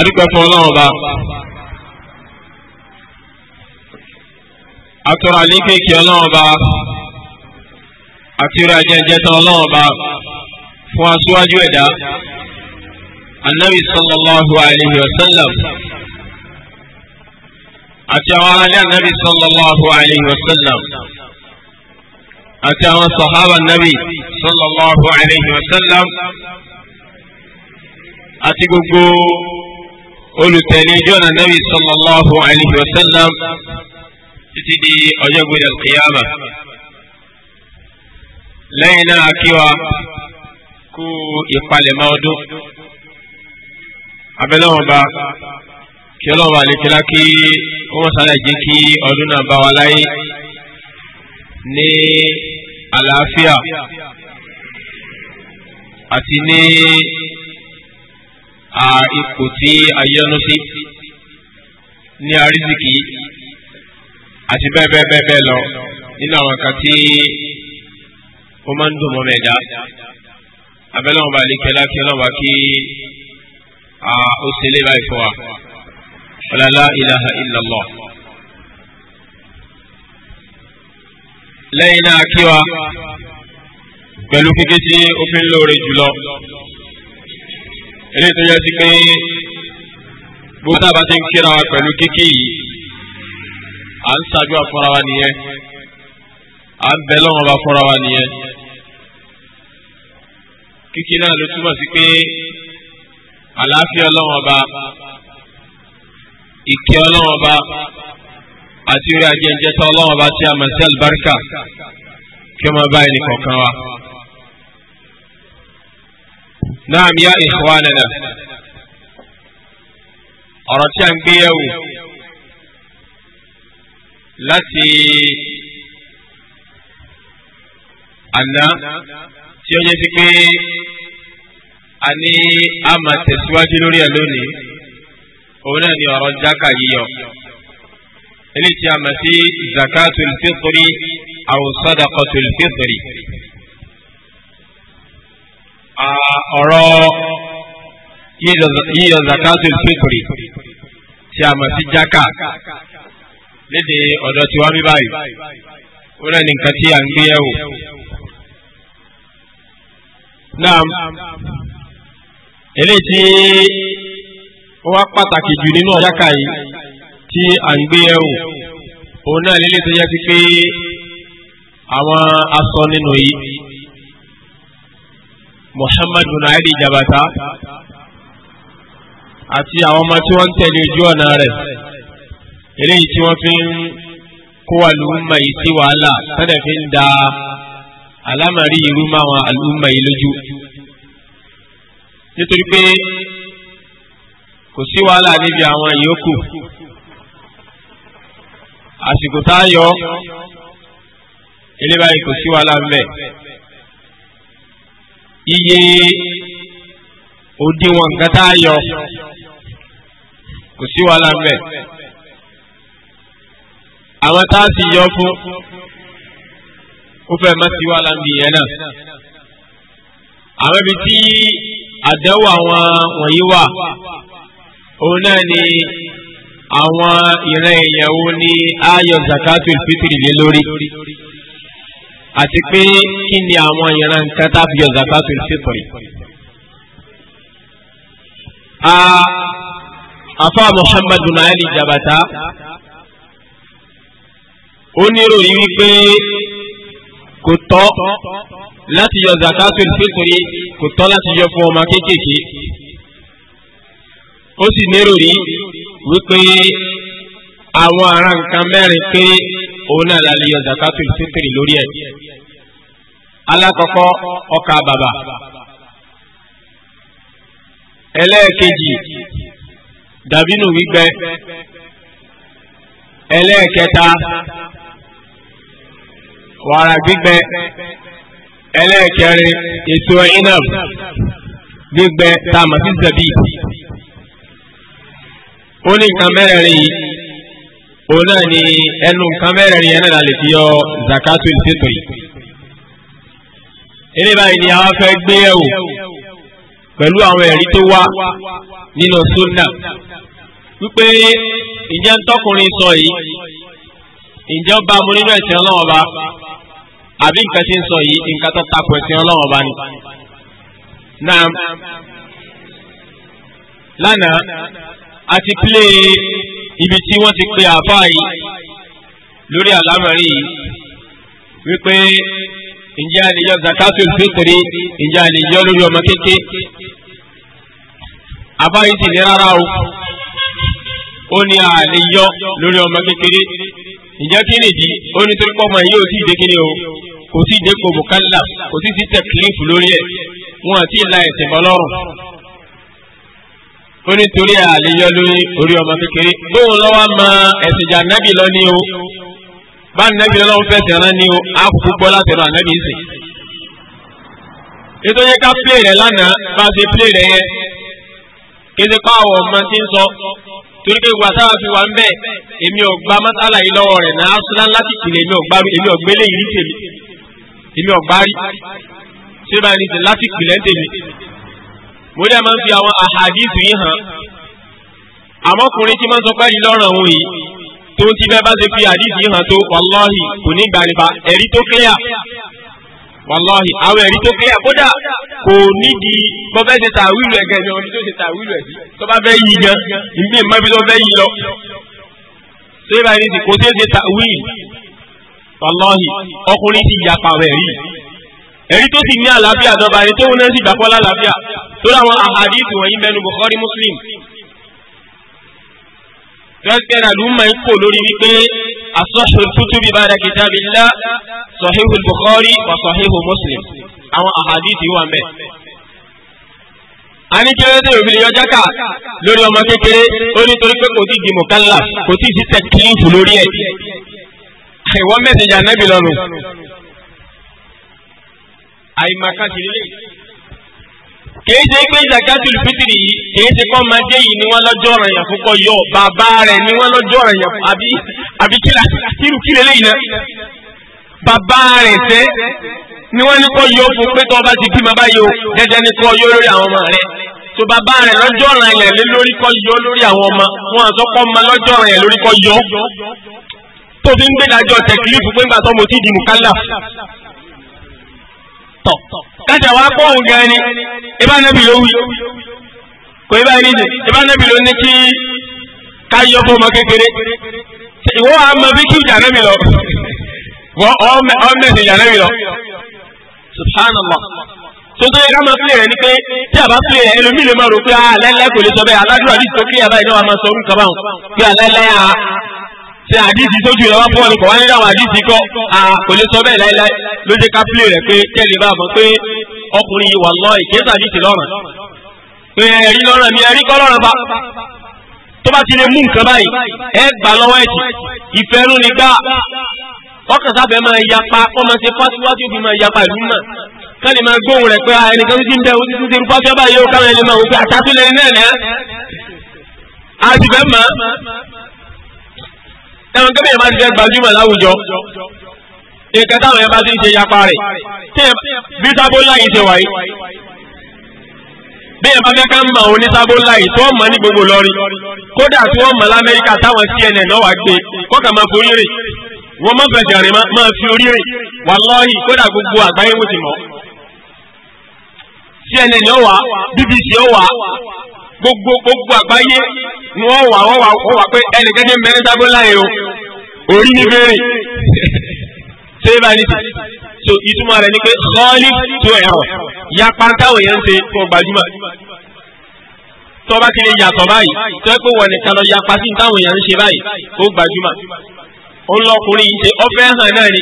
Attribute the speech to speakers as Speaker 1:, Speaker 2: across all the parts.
Speaker 1: adúpẹ́ fún ọlọ́run ọba
Speaker 2: atọ́ra lékèké ọlọ́run ọba àti rẹ̀ ajẹ́jẹ́ tán ọlọ́run ọba fún aṣíwájú ẹ̀dá anabi sallallahu alayhi wa sallam àti àwọn aráàlú anabi sallallahu alayhi wa sallam àti àwọn sahaba anabi sallallahu alayhi wa sallam àti gbogbo
Speaker 1: olùtẹ̀lé jọ́nà nabi sallallahu alayhi wa sallam
Speaker 2: títí di ọjọ́ gbẹ̀dẹ̀ kìyàmà
Speaker 1: lẹ́yìn náà kíwa kú ìpalẹ̀mọ́ ọdún abẹ́lẹ́wọ̀n bá kí ọlọ́wọ́ àlejòlá kí ó wọ́n sáré jẹ́ kí ọdún náà bá wa láyé
Speaker 2: ní àlàáfíà àti ní ipò tí a yẹnu sí ní àrísìkì àti bẹ́ẹ̀ bẹ́ẹ̀ bẹ́ẹ̀ bẹ́ẹ̀ lọ nínú àwọn kan tí ó máa ń dùn mọ́ mẹ́ẹ̀dá abẹ́lẹ́ wọn bá lè kẹ́lá kí ọlọ́wà kí ó ṣe lé báyìí fún wa
Speaker 1: ọ̀làlá ilaha
Speaker 2: illallah. lẹ́yìn náà kí wa pẹ̀lú kíkí tí ó fi ń lóore jùlọ eléyìí tó yẹ sí
Speaker 1: pé gbogbo tá a bá ti ń kíra wa pẹ̀lú
Speaker 2: kíkí yìí à ń ṣáájú àfúnra wa nìyẹn à ń bẹ lọ́wọ́ bá fúnra wa nìyẹn
Speaker 1: kíkí náà ló túmọ̀ sí pé àlàáfíà ọlọ́wọ́ bá
Speaker 2: ìkẹ́ ọlọ́wọ́ bá
Speaker 1: àti orí ajẹ́jẹ́ta ọlọ́wọ́ bá tí a mọ̀
Speaker 2: kí ọmọ báyìí nìkan kan wa. نعم يا إخواننا أردت أن بيو التي أنا تيجي في
Speaker 1: أني أما تسواجي لوري لوني
Speaker 2: هنا أرى الزكاة يوم
Speaker 1: التي أما في زكاة الفطر أو صدقة الفطر ọ̀rọ̀ yíyọ zakatul fitri tí a mọ̀ sí jaka léde ọ̀dọ̀ tí wọ́n bí báyìí ó náà ní nǹkan tí a ń gbé yẹ̀wò. náà
Speaker 2: eléyìí tí ó wá pàtàkì jù nínú jaka yìí tí a ń gbé yẹ̀wò òun náà lélẹ̀ tó yẹ sí pé àwọn aṣọ nínú yìí. Muhammad bin Ali Jabata àti àwọn ọmọ tí wọ́n ń tẹ̀lé ojú ọ̀nà rẹ̀
Speaker 1: eléyìí tí wọ́n fi ń
Speaker 2: kó àlùmọ̀ yìí sí wàhálà tẹ́lẹ̀ fi ń da alámàrí irú máwọn àlùmọ̀ yìí lójú nítorí pé kò sí wàhálà níbi àwọn ìyókù àsìkò tá a yọ
Speaker 1: eléyìí báyìí kò sí wàhálà ń bẹ
Speaker 2: iye òdiwọ̀n nǹkan tá a yọ
Speaker 1: kò sí wàhálà ń bẹ̀ àwọn tá a sì yọ fún ó fẹ́ má sí wàhálà ń bì yẹn náà àwọn ibi tí àdánwò àwọn wọ̀nyí wà
Speaker 2: òun náà ni àwọn ìran èèyàn wo ni a yọ zakatul fitri lé lórí àti pé kí ni àwọn ìran nǹkan tá a fi yọ zakatul fitri. afa muhammad bin ali jabata ó níròyìn wípé kò tọ́
Speaker 1: láti yọ zakatul fitri kò
Speaker 2: tọ́ láti yọ fún ọmọ kéékèèké ó sì níròrí wípé àwọn ará nǹkan mẹ́rin pé òun náà la lè yọ zakatul fitri lórí ẹ̀. Alakoko ọkà bàbà ẹlẹ́ẹ̀kejì dàbínù gbígbẹ ẹlẹ́ẹ̀kẹta wàrà gbígbẹ ẹlẹ́ẹ̀kẹrin èso inab gbígbẹ tààmà sí zabi ó ní nǹkan mẹ́rẹ̀ẹ̀rin yìí òun náà ni ẹnu nǹkan mẹ́rẹ̀ẹ̀rin yẹn náà lè fi yọ zakatul fitri yìí eré báyìí ni àwọn fẹ́ gbé ẹ̀wò pẹ̀lú àwọn ẹ̀rí tó wá nínú sunna wípé ǹjẹ́ ń tọkùnrin sọ yìí ǹjẹ́ ó bá mu nínú ẹ̀sìn ọlọ́run ọba àbí nǹkan tí ń sọ yìí nǹkan tó takò ẹ̀sìn ọlọ́run ni. naam lánàá
Speaker 1: a ti pílé ibi tí wọ́n ti pe àáfàá yìí
Speaker 2: lórí àlámọ̀rí yìí wípé ǹjẹ́ a lè yọ zakatul fitri
Speaker 1: ǹjẹ́ a lè yọ lórí ọmọ kéke
Speaker 2: àbáyé ti ni rárá o ó ní a lè yọ lórí ọmọ kékeré ǹjẹ́ kí nìdí ó ní torí pọ́mọ yìí ò tí ì dé kíni o kò tí ì dé kò bùkálà kò tí ì sí lórí ẹ̀ wọn àti ìlà ẹ̀sìn bọ́lọ́rùn ó ní torí a lórí orí ọmọ kékeré tóun lọ́wọ́ mọ ẹ̀sìn jàǹdàbí lọ ní o bá nẹ́bí lọ́wọ́ fẹsẹ̀ rán ní o á kúkú gbọ́ láti rán ànẹ́bí ń sìn. nítorí ká pílé rẹ̀ lánàá bá a ṣe pílé rẹ̀ yẹn kéde pààwọ̀ ọmọ tí ń sọ torí pé ìwà sábà fi wà ń bẹ̀ èmi ò gba mọ́sálà yìí lọ́wọ́ rẹ̀ náà sọ́lá láti pìlẹ̀ èmi ò gbárù èmi ò gbélé yìí tèmi èmi ò gbárí ṣé báyìí ní sè láti pìlẹ̀ tèmi. mo dẹ́ máa ń fi àwọn àhàdíìsì yìí hàn àmọ́kùnrin tí máa ń sọ pẹ́ẹ́lí lọ́rùn òun yìí tó ti bẹ́ẹ̀ bá ṣe fi àdìsí hàn tó wàláhì kò ní gbà nípa ẹ̀rí tó kílíà wàláhì àwọn ẹ̀rí tó kílíà kódà kò nídìí bọ́ fẹ́ ṣe tàwílù ẹ̀ gẹ̀ẹ́ni ọ̀rọ̀ tó ṣe tàwílù ẹ̀ sí tó bá fẹ́ yí gan ìmí ìmọ̀bí tó fẹ́ yí lọ. ṣé báyìí ní ti kò ṣeé ṣe tàwílù wàláhì ọkùnrin ti yapa ẹ̀rí tó sì ní àlàáfíà dọ́ba ẹni tó ń náà sì gbàpọ́ lálàáfíà tó láwọn àhàdíìsì wọ̀nyí mẹ́nu Bukhari Muslim gẹ́gẹ́rẹ́ àlùmọ̀ ipò lórí wípé asọ́ṣù tuntun bíi bára kitabillah sọ̀híhù bukhari wa sọ̀híhù muslim àwọn àhàdìsì wà mẹ́. a ní kí lóde òbí yọjá ká
Speaker 1: lórí ọmọ kékeré ó ní torí pé kò tí di mukallaf kò tí di tẹkílífù lórí ẹ̀.
Speaker 2: ìwọ mẹ́sẹ̀jì ànábì lọ́nu àyìnbá kan sì kìí ṣe pé zakatul fitiri yìí kìí ṣe kọ́ máa jẹ́ yìí ni wọ́n lọ́jọ́ ọ̀ràn yàn fún kọ́ yọ bàbá rẹ̀ ni wọ́n lọ́jọ́ ọ̀ràn yàn àbí àbí kí làkírù kí lélẹ́yìn náà bàbá rẹ̀ tẹ́ ni wọ́n ní kọ́ yọ fún pé tọ́ bá ti bímọ báyìí o jẹjẹ ní kọ́ yọ lórí àwọn ọmọ rẹ̀ tó bàbá rẹ̀ lọ́jọ́ ọ̀ràn yàn lé lórí kọ́ yọ lórí àwọn ọmọ wọn àtọ́kọ́ ọmọ lọ́jọ́ tọ̀ kájà wá pọ̀ òun gan ni ibà nàbì ló wí kò ibà ní ìdè ibà nàbì ló ní kí ká yọ fún ọmọ kékeré ìwọ àmọ́ bí kí ìjà nàbì lọ wọ́n ọmọ ẹ̀sìn ìjà nàbì lọ subhanallah
Speaker 1: tuntun yẹ ká máa fílẹ̀ rẹ̀ ni pé tí a bá fílẹ̀ rẹ̀ ẹlòmíì lè máa rò pé alẹ́lẹ́ ah, kò lè sọ bẹ́ẹ̀ aládùúgbò àti
Speaker 2: ìtòkè àbáyé náà wà máa sọ orúkọ báwọn pé alẹ́lẹ́ ṣe àdìsí sójú ìlọ́wọ́ pọ́ọ̀lù kọ̀ wá nílò àwọn àdìsí kọ́ a kò lè sọ bẹ́ẹ̀ láíláí ló jẹ́ ká pílè rẹ̀ pé kẹ́lẹ́ bá mọ̀ pé ọkùnrin yìí wà lọ ìkéésà àdìsí lọ́rùn
Speaker 1: pé ẹ̀rí lọ́rùn mi ẹ̀rí kọ́ lọ́rùn bá
Speaker 2: tó bá ti lè mú nǹkan báyìí ẹ gbà lọ́wọ́ ẹ̀jì ìfẹ́rú ni gbá ọkàn sábẹ́ máa yapa ọmọ ṣe fásiwájú fi máa yapa ìlú mọ̀ kẹ́lẹ́ máa gbóhùn rẹ̀ pé ẹnìkan ti ń bẹ ojú ti rú fásiwájú báyìí ó káwọn ẹni máa wò pé àtàtúlẹ̀ ní ẹ̀lẹ́ àti bẹ́ẹ̀ mọ́ ẹ̀wọ̀n kébì yẹn bá ti fẹ́ gbajúmọ̀ láwùjọ nǹkan táwọn yẹn bá ti ń ṣe yapa rẹ̀
Speaker 1: bí sábóńlá yìí ṣe wáyé
Speaker 2: bí yẹn bá fẹ́ ká mọ̀ òun ní sábóńlá yìí tí wọ́n mọ̀ ní gbogbo lọ́rí kódà tí wọ́n mọ̀ lamẹ́ríkà táwọn CNN náà wá gbé kọ́kà máa forí rè
Speaker 1: wọ́n má fẹ̀sẹ̀ rìn máa fi orí rè wàlọ́ọ̀hì kódà gbogbo
Speaker 2: àgbáyé wò ti mọ̀ CNN náà wá BBC náà wá gbogbo gbogbo àgbáyé ni wọ́n wà wọ́n wà wọ́n wà pé ẹnì kẹ́kẹ́ ń bẹ ní sábọ́lá yìí o orí ní bèrè ṣé bá ní ti so ìtumọ̀ rẹ̀ ni pé sọ́ọ́lì tó ẹ̀rọ yapa táwọn èèyàn ń ṣe fún gbajúmọ̀ tọ́ba ti lè yàtọ̀ báyìí tó ẹ pé wọ́n nìkan lọ yapa sí táwọn èèyàn ń ṣe báyìí ó gbajúmọ̀ ó ń lọkùnrin yìí ṣe ọ̀fẹ́ hàn náà ni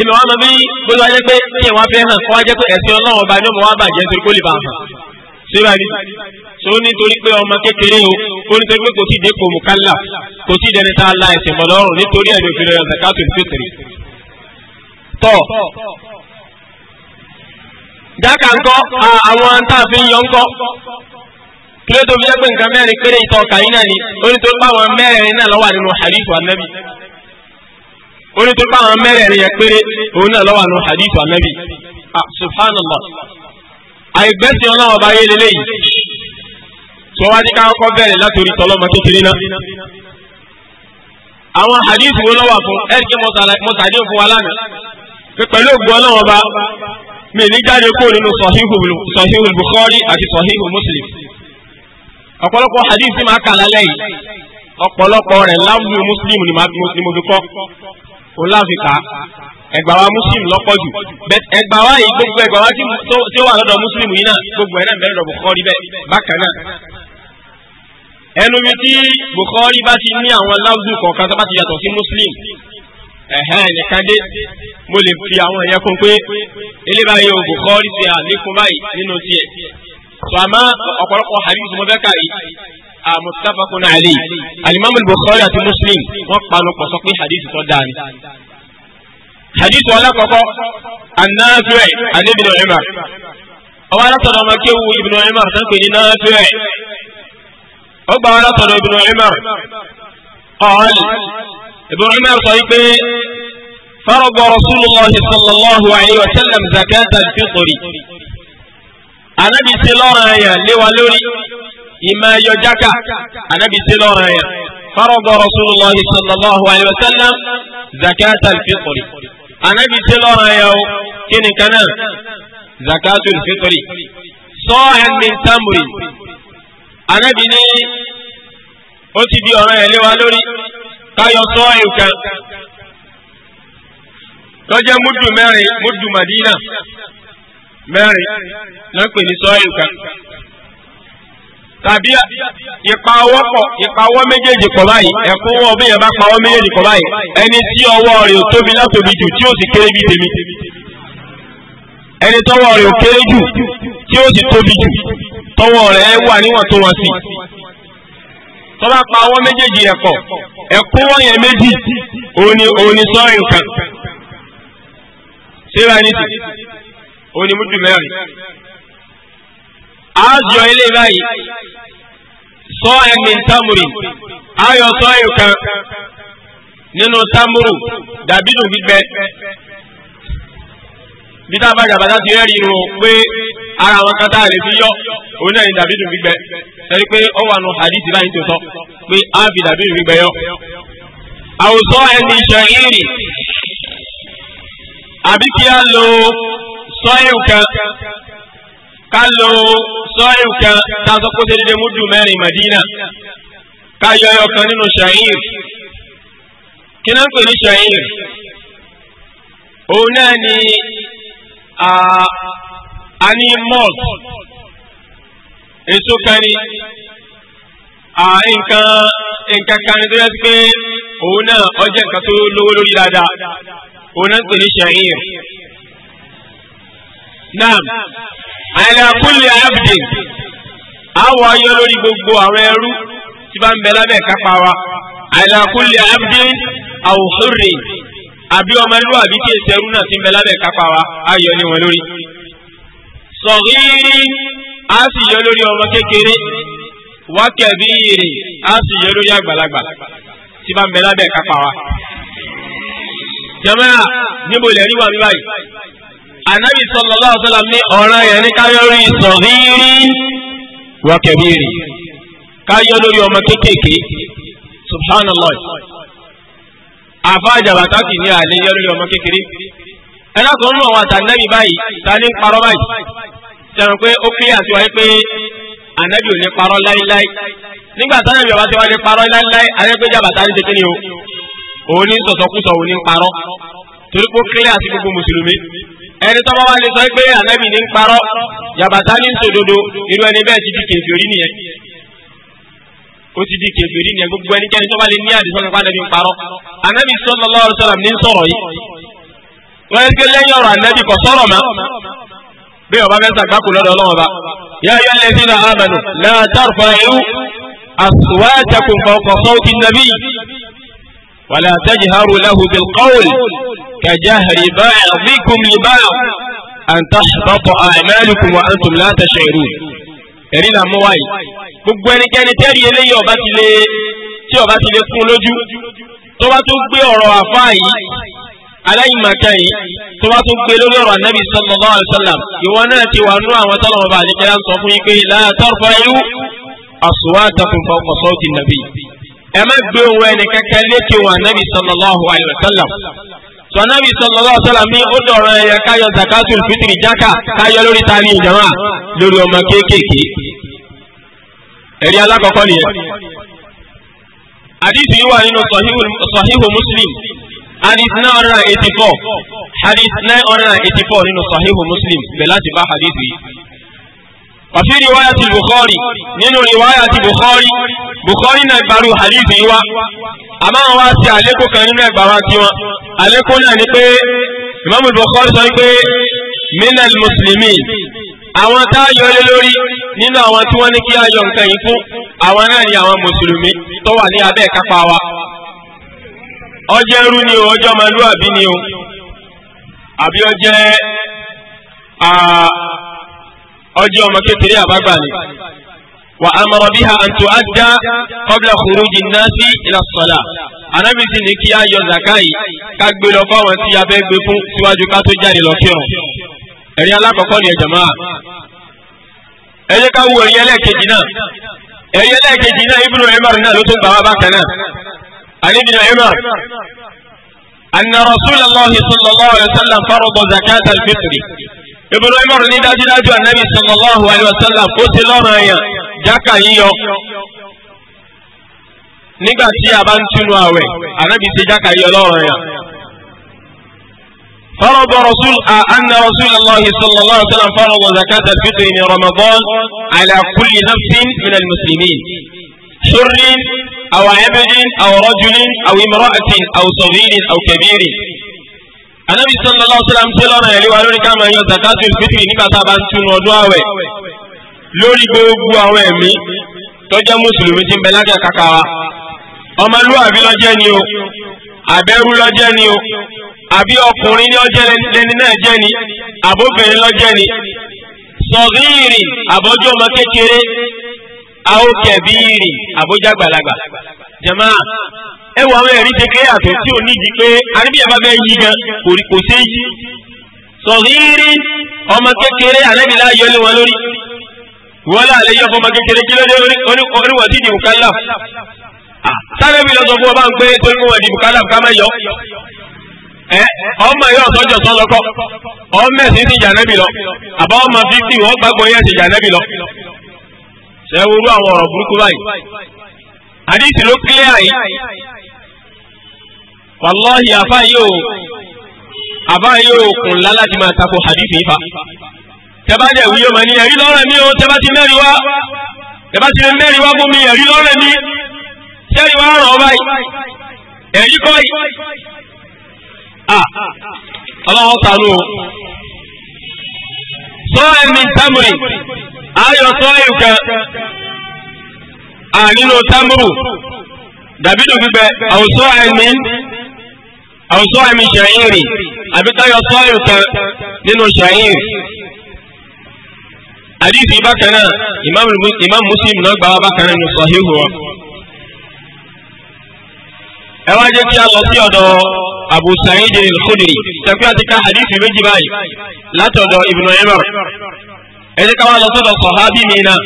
Speaker 2: èmi wàá mọ bí gbogbo ajẹ́ pé kí ẹ̀ wá fẹ́ hàn kọ́ ajẹ́ pé ẹ̀sìn ọlọ́run ọba ni ó mọ wá bàjẹ́ nítorí kó lè bá a hàn síbà ní so nítorí pé ọmọ kékeré o ó ní sẹ́gbẹ́ kò tí ì dépò mùkálà kò tí ì dẹni tá a la ẹ̀sìn mọ́ lọ́rùn nítorí ẹ̀mí òfin ọ̀yọ̀ zakato ìfẹ́sẹ̀rì. tọ́ dáka ńkọ́ àwọn táàfin yọ ńkọ́ kí ló tó fi jẹ́ pé nǹkan mẹ́rin péré ìtọ́ ọ̀kà yín náà ni ó ní torí báwọn mẹ́rin náà lọ́wọ́ nínú hadith anabi ó ní torí báwọn mẹ́rin yẹn péré òun náà lọ́wọ́ nínú hadith anabi ah, subhanallah àìgbẹ́sìn ọlọ́run ọba yé lélẹ́yìí tí wọ́n wá ní káàkọ́ bẹ̀rẹ̀ látòrí tọlọ́mọ kékeré náà. àwọn hadith wo lọ́wọ́ fún ẹ̀ríkì mọ́sàdín fún wa lánàá pé pẹ̀lú ògbó ọlọ́run ọba mi ní jáde kó nínú sọ̀híhù bukhari àti sọ̀híhù muslim ọ̀pọ̀lọpọ̀ hadith tí máa kà lálẹ́ yìí ọ̀pọ̀lọpọ̀ rẹ̀ láwùjọ muslim ni mo fi kọ́ òun láfi kà ẹgbà wa muslim lọ́pọ̀ jù bẹ́ẹ̀ ẹgbà wa yìí gbogbo ẹgbà wa tí ó wà lọ́dọ̀ muslim yìí náà gbogbo ẹ̀ náà bẹ́ẹ̀ lọ́dọ̀ Bukhari bẹ́ẹ̀ bákan náà. ẹnu mi tí Bukhari bá ti ní àwọn láwùjù kọ̀ọ̀kan tó bá ti yàtọ̀ sí muslim ẹ̀hẹ́n nìkan dé mo lè fi àwọn ẹ̀yẹ kún pé ilé báyìí o Bukhari ti àlékún báyìí nínú tiẹ̀ tó àmọ́ ọ̀pọ̀lọpọ̀ hadith mo fẹ́ kà yìí mutafakun alayhi alimami Bukhari àti muslim wọ́n panu hadith wọn lakọkọ anafiẹ ale ibn Umar ọwọ alatọdọ ma kéwu ibn Umar tó ń pè ní nafiẹ ọgbà alatọdọ ibn Umar ọhánì ibn Umar sọ yìí pé farada rasulullahi sallallahu alayhi wa sallam zakat al-fitri anabi ṣe lọ́ràn yẹn léwa lórí ìmọ̀ ẹ̀yọ jáka anabi ṣe lọ́ràn farada rasulullahi sallallahu alayhi wa sallam zakat al-fitri anabi ṣe lọ́rọ̀ ẹ̀yà kana zakatu ni kan náà zakatul fitri sọ́ọ̀hẹ́n min tamri anabi ní ó ti di ọ̀rọ̀ ẹ̀ lé wa lórí káyọ̀ sọ́ọ̀hìn kan
Speaker 1: lọ́jẹ́ múdù mẹ́rin múdù Madina
Speaker 2: mẹ́rin lọ́pẹ̀ ní sọ́ọ̀hìn kan tàbí ìpa ọwọ́ pọ̀ ìpa ọwọ́ méjèèjì pọ̀ báyìí ẹ̀kún wọn bí yẹn bá pa ọwọ́ méjèèjì pọ̀ báyìí ẹni tí ọwọ́ rẹ̀ ò tóbi látòbi jù tí ó sì kéré bí tèmi ẹni tọwọ́ rẹ̀ ò kéré jù tí ó sì tóbi jù tọwọ́ rẹ̀ wà níwọ̀ntúnwọ̀nsì tó bá pa ọwọ́ méjèèjì yẹn pọ̀ ẹ̀kún wọn yẹn méjì òní òní sọ́ọ̀rì nǹkan ṣé ra ẹni tì òní múdù mẹ́rin àjọ ilé báyìí sọ ẹ̀mìn tamuri ayọ̀ sọ ẹ̀kan nínú tamuru dàbídù gbígbẹ bí tá a bá jàbá láti rẹ́rì inú pé ara àwọn kan a lè fi yọ òun náà ni dàbídù gbígbẹ sẹ́rí pé ó wà nù hadithi báyìí tó sọ pé a fi dàbídù gbígbẹ yọ. àwùsọ ẹni ṣàyẹ̀rì àbí kí a lo sọ ẹ̀kan. Kalo lo sọ́ọ̀rù kan tá a sọ pé ó ṣe Madina ká yọ ẹyọ kan nínú sha'ir kí náà ń pè ní sha'ir òun náà ni a ani malt èso kan ni nǹkan nǹkan kan ni tó yẹ pé
Speaker 1: òun náà ọjọ́ nǹkan tó lówó lórí dáadáa òun náà ń pè ní sha'ir
Speaker 2: naam ala kulli abdin àwọ̀ ayọ́ lórí gbogbo àwọn ẹrú tí bá ń bẹ lábẹ́ kápá wa ala kulli abdin aw hurri àbí ọmọlúwàbí tí èsì ẹrú náà ti ń bẹ lábẹ́ kápá wa ayọ̀ ni wọn lórí. sọ̀rìírí a sì yọ lórí ọmọ kékeré wákẹ̀bíìrì a sì yọ lórí àgbàlagbà tí bá ń bẹ wa. jama níbo lẹ́rí wà mí ànábì sallallahu alaihi wasallam ní ọ̀ràn yẹn ní káyọ̀ lórí sọ̀rírí
Speaker 1: wa kabiri
Speaker 2: káyọ̀ lórí ọmọ kéékèèké subhanallah àfa àjàbàtà kì ní àlẹ́ yẹ lórí ọmọ kékeré ẹ̀rọ kan nù àwọn àtànẹ́bì báyìí ta ní parọ́ báyìí sẹ́wọ̀n pé ó kílẹ̀ àti wáyé pé ànẹ́bì ò ní parọ́ láíláí nígbà tánẹ́bì ọba ti wá ní parọ́ láíláí àrẹ́gbẹ́jàbàtà ní tẹ́kẹ́ ni o òun ní sọ̀sọ́kùsọ̀ òun ní parọ́ torí pé ó kílẹ̀ àti gbogbo mùsùlùmí ẹni tọ́ba wa lè sọ pé ànábì ní ń parọ́ yàbàtà ní sòdodo irú ẹni bẹ́ẹ̀ ti di kèfèrí nìyẹn ó ti di kèfèrí nìyẹn gbogbo ẹnikẹ́ni tọ́ba lè ní àdìsọ́ nípa ànábì ń parọ́ ànábì sallallahu alaihi wasallam ní sọ̀rọ̀ yìí wọ́n yẹ lẹ́yìn ọ̀rọ̀ ànábì kò sọ̀rọ̀ mọ́ bí ọba fẹ́ sàgbákò lọ́dọ̀ ọlọ́wọ́ba yá yọ lẹ́sìn náà amanu ولا تجهروا له بالقول كجهر بعضكم لبعض أن تحبط أعمالكم وأنتم لا تشعرون ẹ̀rí là ń mú wáyé gbogbo ẹnikẹ́ni tẹ́rí eléyìí ọba ti lè tí ọba ti lè fún lójú tó bá tó gbé ọ̀rọ̀ àfáà yìí aláìmọ̀ká yìí tó bá tó gbé lórí ọ̀rọ̀ anábì sallallahu alaihi ìwọ náà ti wà nú àwọn tọ́lọ̀ ọba àti ń sọ fún yín pé la tarfa'u aswatakum fawqa sawti an-nabi ẹ má gbé ohun ẹni kẹkẹ lékè wọn anabi sallallahu alayhi wa sallam anabi ọhụrụ sallam ó dọ̀rọ̀ ẹ̀yẹ káyọ zakatul fitri jáka
Speaker 1: káyọ lórí tari ìjọba
Speaker 2: lórí ọmọ kéékèèké ẹ̀rí alákọ̀ọ́kọ́ nìyẹn hadith yìí wà muslim hadith nine hundred and four hadith nine hundred and eighty four nínú muslim bẹ̀ láti وفي رواية البخاري من رواية بخاري
Speaker 1: بخاري نبارو حديث يوا
Speaker 2: أما واسي عليكو كان نبارات يوا عليكو نانيكو إمام البخاري صحيح من المسلمين àwọn tá a yọlé lórí nínú àwọn tí wọ́n ní kí a yọ nǹkan yìí fún àwọn náà ni àwọn mùsùlùmí tó wà ní abẹ́ kápá wa. ọjọ́ ẹrú ni o ọjọ́ ọmọlúwàbí ni o àbí ọjọ́ ọjọ́ ọmọ kékeré àbágbà ni wa amara biha an tu'adda qabla khuruji an-nasi ila as-salah Ànábì sì ní kí a yọ zakai ká gbé lọ fáwọn tí a fẹ́ gbé fún síwájú ká tó jáde lọ kírun ẹ̀rí alákọ̀ọ́kọ́ ni ẹ̀jẹ̀ máa ẹ jẹ́ ká wo ẹ̀rí ẹlẹ́ẹ̀kejì náà ẹ̀rí ẹlẹ́ẹ̀kejì náà ibnu Umar náà ló tún gbà wá bákan náà àníbi náà Umar anna Rasulullahi sallallahu alaihi wasallam farada zakata al-fitri. Ibn Umar ní dájúdájú ànábì sallallahu alayhi wa sallam ó ti lọ́rùn àyàn jákà yíyọ nígbà tí a bá ń túnu àwẹ̀ ànábì ṣe jákà yíyọ lọ́rùn àyàn. فرض رسول أن رسول الله صلى الله عليه وسلم فرض زكاة الفطر من رمضان على كل نفس من المسلمين حر أو عبد أو رجل أو امرأة أو صغير أو كبير anabi sallallahu alaihi wasallam ń gbé lọ́nà ẹ̀rí wa lórí káàmù ẹ̀yọ zakatul fitri nígbà tá a bá ń túnú ọdún àwẹ̀ lórí gbogbo àwọn ẹ̀mí tó jẹ́ mùsùlùmí ti ń bẹ lájà kàkà wa ọmọlúwàbí lọ́jẹ́ ni o
Speaker 1: àbẹ́rú lọ́jẹ́ ni o
Speaker 2: àbí ọkùnrin ní ọjẹ́ lẹni náà jẹ́ ni àbóbìnrin lọ́jẹ́ ni sọ̀gírì àbọ́jú ọmọ kékeré àókẹ̀bírì àbójágbàlagbà jàmáà ẹ wọ àwọn ẹ̀rí ṣe kéré àtọ̀ tí ò nídìí pé àríbíyà bá fẹ́ yí gan kò rí kò ṣeé yí sọ̀ríírí ọmọ kékeré ànábìlá yọlé wọn lórí wọn láàlẹ́ yọ fọmọ kékeré kí ló dé oníwọ̀n sí ìdìbò kálá sáré bí lọ́sọ̀ fún ọba ń pé torí wọn ìdìbò kálá ká má yọ ọmọ yóò sọjọ sọ lọkọ ọmọ ẹsìn ti jà nẹbi lọ
Speaker 1: àbá ọmọ fífi wọn gbàgbọ́ yẹn ti jà nẹbi lọ
Speaker 2: ṣẹ wúrú àwọn ọ̀rọ̀ burúkú báyìí àdìsí ló kílẹ̀ àyè wàlọ́hì àfá yóò àfá yóò kùn láláti máa tako hadith yìí fa tẹ́bá dẹ̀ wí yóò máa ní ẹ̀rí lọ́rẹ̀ mi o tẹ́bá ti mẹ́rin wá tẹ́bá ti mẹ́rin wá fún mi ẹ̀rí lọ́rẹ̀ mi sẹ́rí wá ràn ọ́ ẹ̀rí kọ́ ọlọ́wọ́ sànú o sọ ẹni tamuri ayọ̀ sọ ẹ̀yù kan à nínú tamuru dàbí ló gbígbẹ àwòsọ ẹni àwọn sọ àmì ṣàyẹ̀rì àbí káyọ̀ sọ àyè kan
Speaker 1: nínú ṣàyẹ̀rì.
Speaker 2: àdìsí bákan náà imam muslim náà gbà wá bákan náà ní sọ̀híhù wọn. ẹ wá jẹ́ kí a lọ sí ọ̀dọ̀ abu sa'id al-khudri tafi àti ká àdìsí méjì báyìí
Speaker 1: látọ̀dọ̀ ibn umar. ẹ jẹ́ ká wá lọ sọ́dọ̀ sọ̀hábì mi náà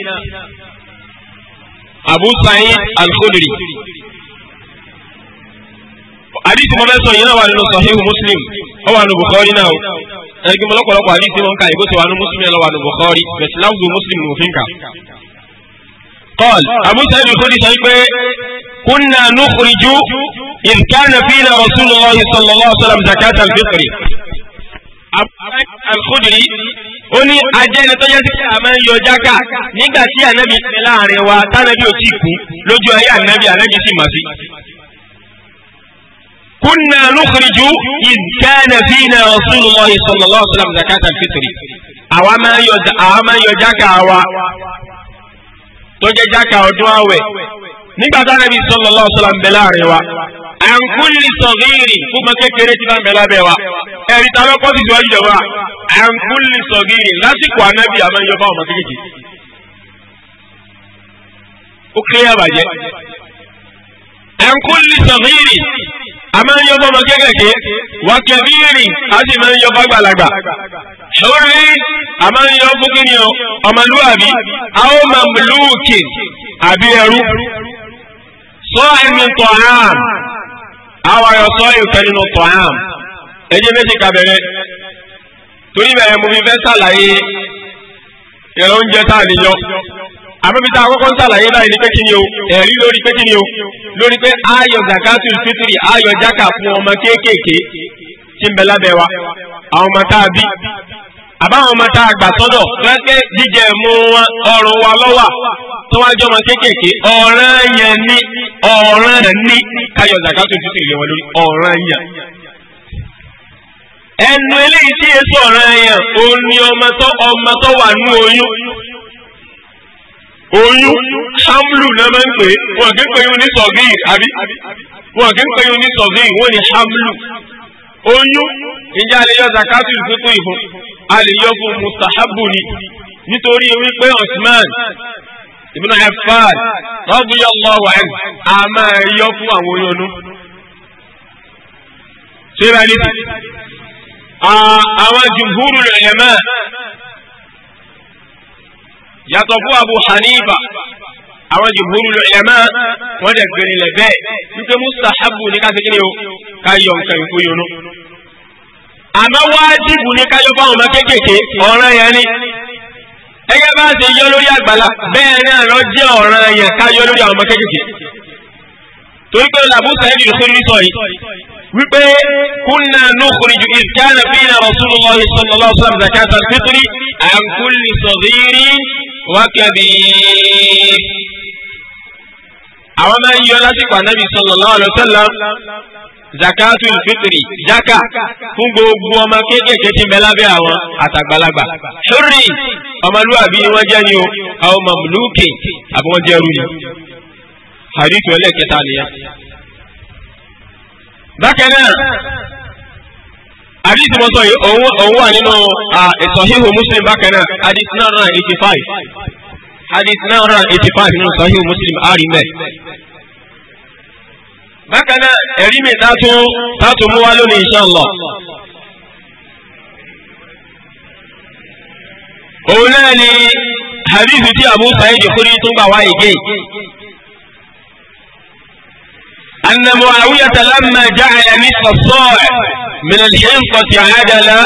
Speaker 2: abu sa'id àdìsí mo sọ yìí náà wà nínú Sahih Muslim ó wà nínú Bukhari náà ẹgbẹ́ mọ́lọ́pọ̀lọpọ̀ àdìsí wọn ká ìbó wà nínú Muslim lọ́wọ́ nínú Bukhari bẹ̀sí láwùjọ Muslim ní òfin kà. قال أبو سعيد الخدري شيخ نخرج إذ كان فينا رسول الله صلى الله عليه وسلم زكاة الفطر الخدري oni ajẹni tó jẹ́ sí pé a máa ń yọ jáká nígbà tí ànábì ti láàrin wa tánábì ò tí kú kunna nukhriju idh kana fina rasulullahi sallallahu alaihi wasallam zakata fitri àwa máa ń yọ àwa máa ń yọ jáka wa tó jẹ́ jáka ọdún àwẹ̀ nígbà tá nàbí sallallahu alaihi wasallam ń bẹ láàrin wa an kulli saghiri fún ma kékeré ti bá ń bẹ lábẹ́ wa ẹ̀rí ta lọ́kọ́ ti síwájú jẹ wa an kulli saghiri lásìkò ànábì àmọ́ ń yọ fáwọn ọmọ kékeré ó kéré àbàjẹ́ an kulli saghiri a máa ń yọ bọ́mọ kéékèèké wà kẹbíìrì a sì máa ń yọ bàgbàlagbà ṣòrí a máa ń yọ fún kíni o ọmọlúwàbí a ó máa mùlùkì àbí ẹrú sọ ẹnu tọ̀hán àwọn ayọ̀ sọ ìfẹ́ nínú tọ̀hán ẹjẹ́ méjì kàbẹ̀rẹ̀ torí bẹ̀rẹ̀ mo fi fẹ́ sàlàyé ìrọ̀ oúnjẹ tá a lè àmọ́bíta àkọ́kọ́ ń sàlàyé báyìí ní pé kí ni o ẹ̀rí lórí pé kí ni o lórí pé ayọ̀ zakatul fitri ayọ̀ jáka fún ọmọ kéékèèké tí ń bẹ lábẹ́ wa àwọn ọmọ tá a bí àbáwọn ọmọ tá a gbà sọ́dọ̀ lẹ́sẹ̀ jíjẹ mú wọn ọrùn wa lọ́wà tó wá jọmọ kéékèèké ọ̀ràn yẹn ní ọ̀ràn ní káyọ̀ zakatul fitri lé wọn lórí ọ̀ràn yẹn ẹnu eléyìí tí èso ọ̀ràn yẹn òun ni ọmọ oyún hamlu náà máa ń pè é wọn kì í pè yún ní sọgíì àbí wọn kì í pè yún ní sọgíì wọn ni hamlu oyún ìjà lè yọ zakatul fitr ìfún a lè yọ fún mustahabu ni nítorí wípé Usman ibn Affan radiyallahu anhu a máa yọ fún àwọn oyún ṣé bá ní. àwọn jumhurul ulama yàtọ̀ fún Abu Hanifa àwọn jùmúrù ulama wọ́n dẹ̀ gbẹ̀rẹ̀ lẹ̀ bẹ́ẹ̀ wípé mustahabu ní káṣí kíni o ká yọ nǹkan ìkú yonú. àmọ́ wájibù ní ká yọ fáwọn ọmọ kéékèèké ọ̀ràn yẹn ni ẹgẹ́ bá ṣe yọ lórí àgbàlá bẹ́ẹ̀ náà lọ jẹ́ ọ̀ràn yẹn ká yọ lórí àwọn ọmọ kéékèèké. torí pé làbúṣà ẹ̀dì ló sórí sọ yìí wípé kúnnà nukhriju iz kana sallallahu alaihi wasallam zakata al-fitri an kulli وكبير àwọn máa ń yọ lásìkò ànábì sallallahu alaihi wasallam zakatu ìfitiri zaka fún gbogbo ọmọ kéékèèké tí ń bẹ lábẹ́ àwọn àtàgbàlagbà ṣúrì ọmọlúwàbí ni wọ́n jẹ́ ni o àwọn mamluki àbí wọ́n jẹ́ rúni hadith ẹlẹ́kẹta nìyẹn. bákan náà àbí tí mo sọ yìí òun wà nínú Sahihu Muslim bákan náà hadith náà ràn eighty five hadith náà ràn eighty five nínú Sahihu Muslim àrímẹ́. bákan náà ẹ̀rí mi tátún tátún mú wá lónìí inshallah. òun náà ni hadith tí Abu Sa'id Khudri tún gbà wá ìgé. أن معاوية لما جعل نصف الصاع من الحنطة عدلا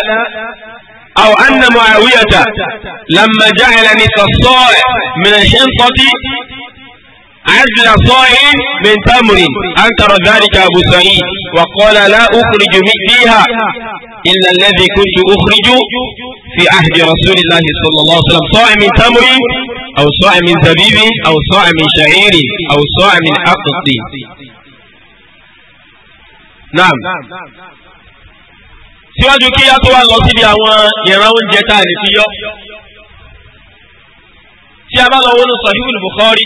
Speaker 2: أو أن معاوية
Speaker 1: لما جعل نصف الصاع من
Speaker 2: الحنطة عدل صاع من تمر أنكر ذلك أبو سعيد وقال لا
Speaker 1: أخرج فيها
Speaker 2: إلا الذي كنت أخرج في عهد رسول الله صلى الله عليه وسلم صاع من تمر أو صاع من زبيب أو صاع من شعير أو صاع من أقط naam
Speaker 1: síwájú kí yàtọ̀ wá lọ síbi àwọn ìran oúnjẹ tá a lè fi yọ
Speaker 2: tí a bá lọ wọnú Sahihul Bukhari